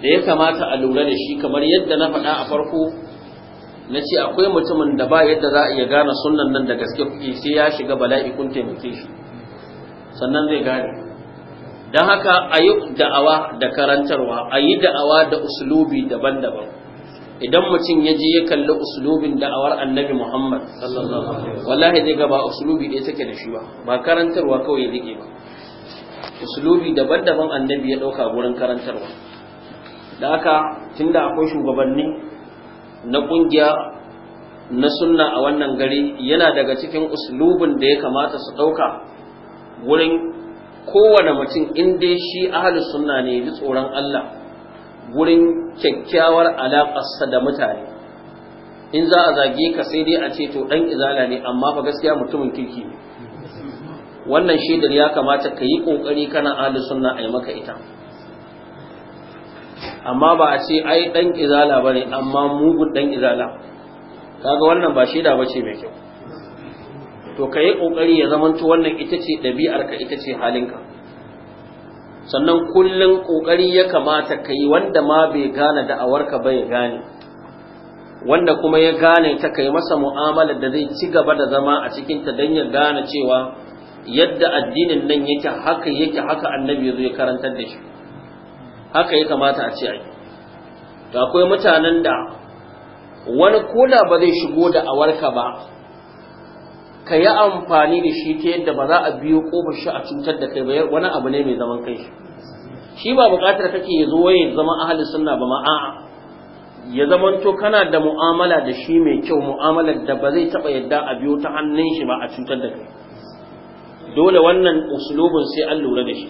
da ya kamata a lura da shi kamar yadda na faɗa a farko na ce akwai mutumin da ba yadda za a iya gane sunan nan da gaske kuke sai ya shiga bala'i kun taimake shi sannan zai gane don haka a da'awa da karantarwa ayi da'awa da uslubi daban-daban idan mutum ya je ya kalli usulubin da'awar annabi Muhammad wallahi zai gaba ba usulubi ɗaya take da shi ba ba karantarwa kawai ya rike ba usulubi daban-daban annabi ya ɗauka gurin karantarwa da haka tunda akwai shugabanni na ƙungiya na sunna a wannan gari yana daga cikin uslubin da ya kamata su ɗauka wurin kowane mutum in dai shi ahalus sunna ne ji tsoron Allah gurin kyakkyawar alaƙarsa da mutane in za a zage ka sai dai a ce to ɗan izala ne amma fa gaskiya mutumin kirki ne wannan shaidar ya kamata ka yi ƙoƙari kana ahli sunna a yi maka ita amma ba a ce ai ɗan izala ba ne amma mugun ɗan izala kaga wannan ba shaida ba ce mai kyau to ka yi ƙoƙari ya zamanto wannan ita ce ɗabi'arka ita ce halinka sannan kullum ƙoƙari ya kamata ka yi wanda ma bai gane da'awarka ba ya gane wanda kuma ya gane ta kai masa mu'amala da zai ci gaba da zama a cikinta don ya gane cewa yadda addinin nan yake haka yake haka annabi ya zo ya karantar da shi haka ya kamata a ce a yi akwai mutanen da wani kula ba zai shigo da awarka ba ka yi amfani da shi ta yadda ba za a biyo kofar shi a cutar da kai ba wani abu ne mai zaman kai shi shi ba buƙatar kake ya zo waye zama ahli sunna ba ma a'a ya zamanto kana da mu'amala da shi mai kyau mu'amala da ba zai taɓa yadda a biyo ta hannun shi ba a cutar da kai dole wannan uslubin sai an lura da shi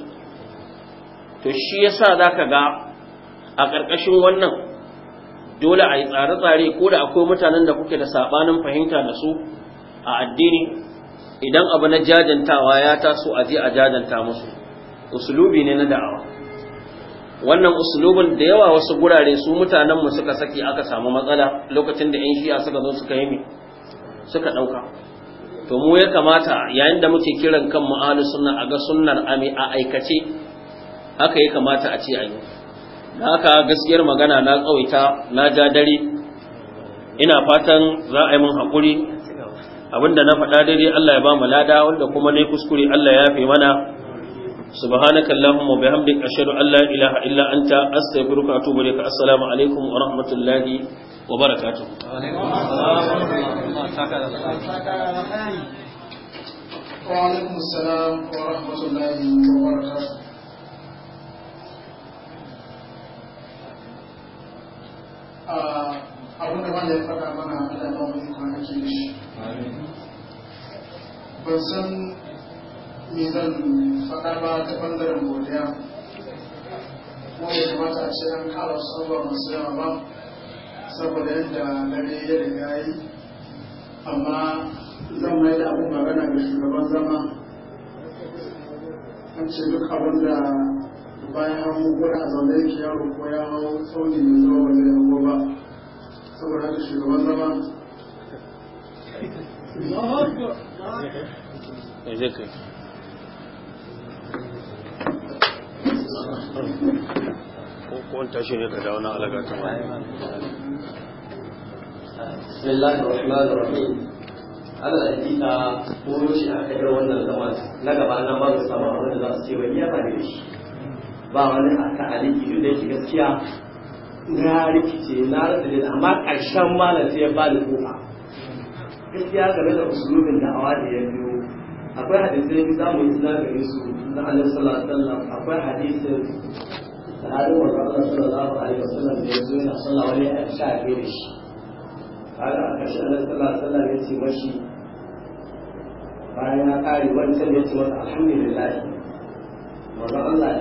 to shi yasa za ka ga a ƙarƙashin wannan dole a yi tsare-tsare ko da akwai mutanen da kuke da saɓanin fahimta da su a addini idan abu na jajantawa ya taso a je a jajanta musu usulubi ne na da'awa wannan usulubin da yawa wasu gurare su mutanen mu suka saki aka samu matsala lokacin da 'yan shi'a suka zo suka yi suka ɗauka to mu ya kamata yayin da muke kiran kan ma'alu sunna a ga sunnar ami a aikace haka ya kamata a ce a yi da haka gaskiyar magana na tsawaita na ja dare ina fatan za a yi mun haƙuri abinda na faɗa daidai Allah ya ba mu lada wanda kuma ne kuskure Allah ya yafe mana subhanaka allahumma bihamdika ashhadu an la ilaha illa anta astaghfiruka wa atubu ilaik assalamu alaikum wa rahmatullahi wa barakatuh wa alaikum assalam wa wa abin da ya faɗa mana da ba mu kuma ake da shi ban san me zan faɗa ba ta ɓangaren godiya kuma ya kamata a ce an kawo sabuwa masu yawa ba saboda yadda gare ya riga yi amma zan mai da abin magana ga shugaban zama an ce duk abin da bayan an mugura zaune yake yaro ko ya hau tsauni mai zuwa ba zai hango ba saboda haka shugaban zama kowane tashi ne ka dawo na alaga ta mai bismillahir rahmanir rahim ala hakika koro shi aka yi wannan zaman na gaba na ba su samu abin da za su ce wani ba da shi ba wani aka gaskiya na rikice na rasa jina amma ƙarshen malam sai ya ba ni kofa gaskiya game da usulubin awa da ya biyo akwai hadisai za mu yi tunanin su na annabi sallallahu alaihi wasallam akwai hadisin sahabi wa Allah sallallahu alaihi wasallam da ya zo yana sallah wani a sha biyu da shi kaga a ƙarshen annabi sallallahu alaihi wasallam ya ce mashi bayan ya kare wancan ya ce wata alhamdulillah manzon Allah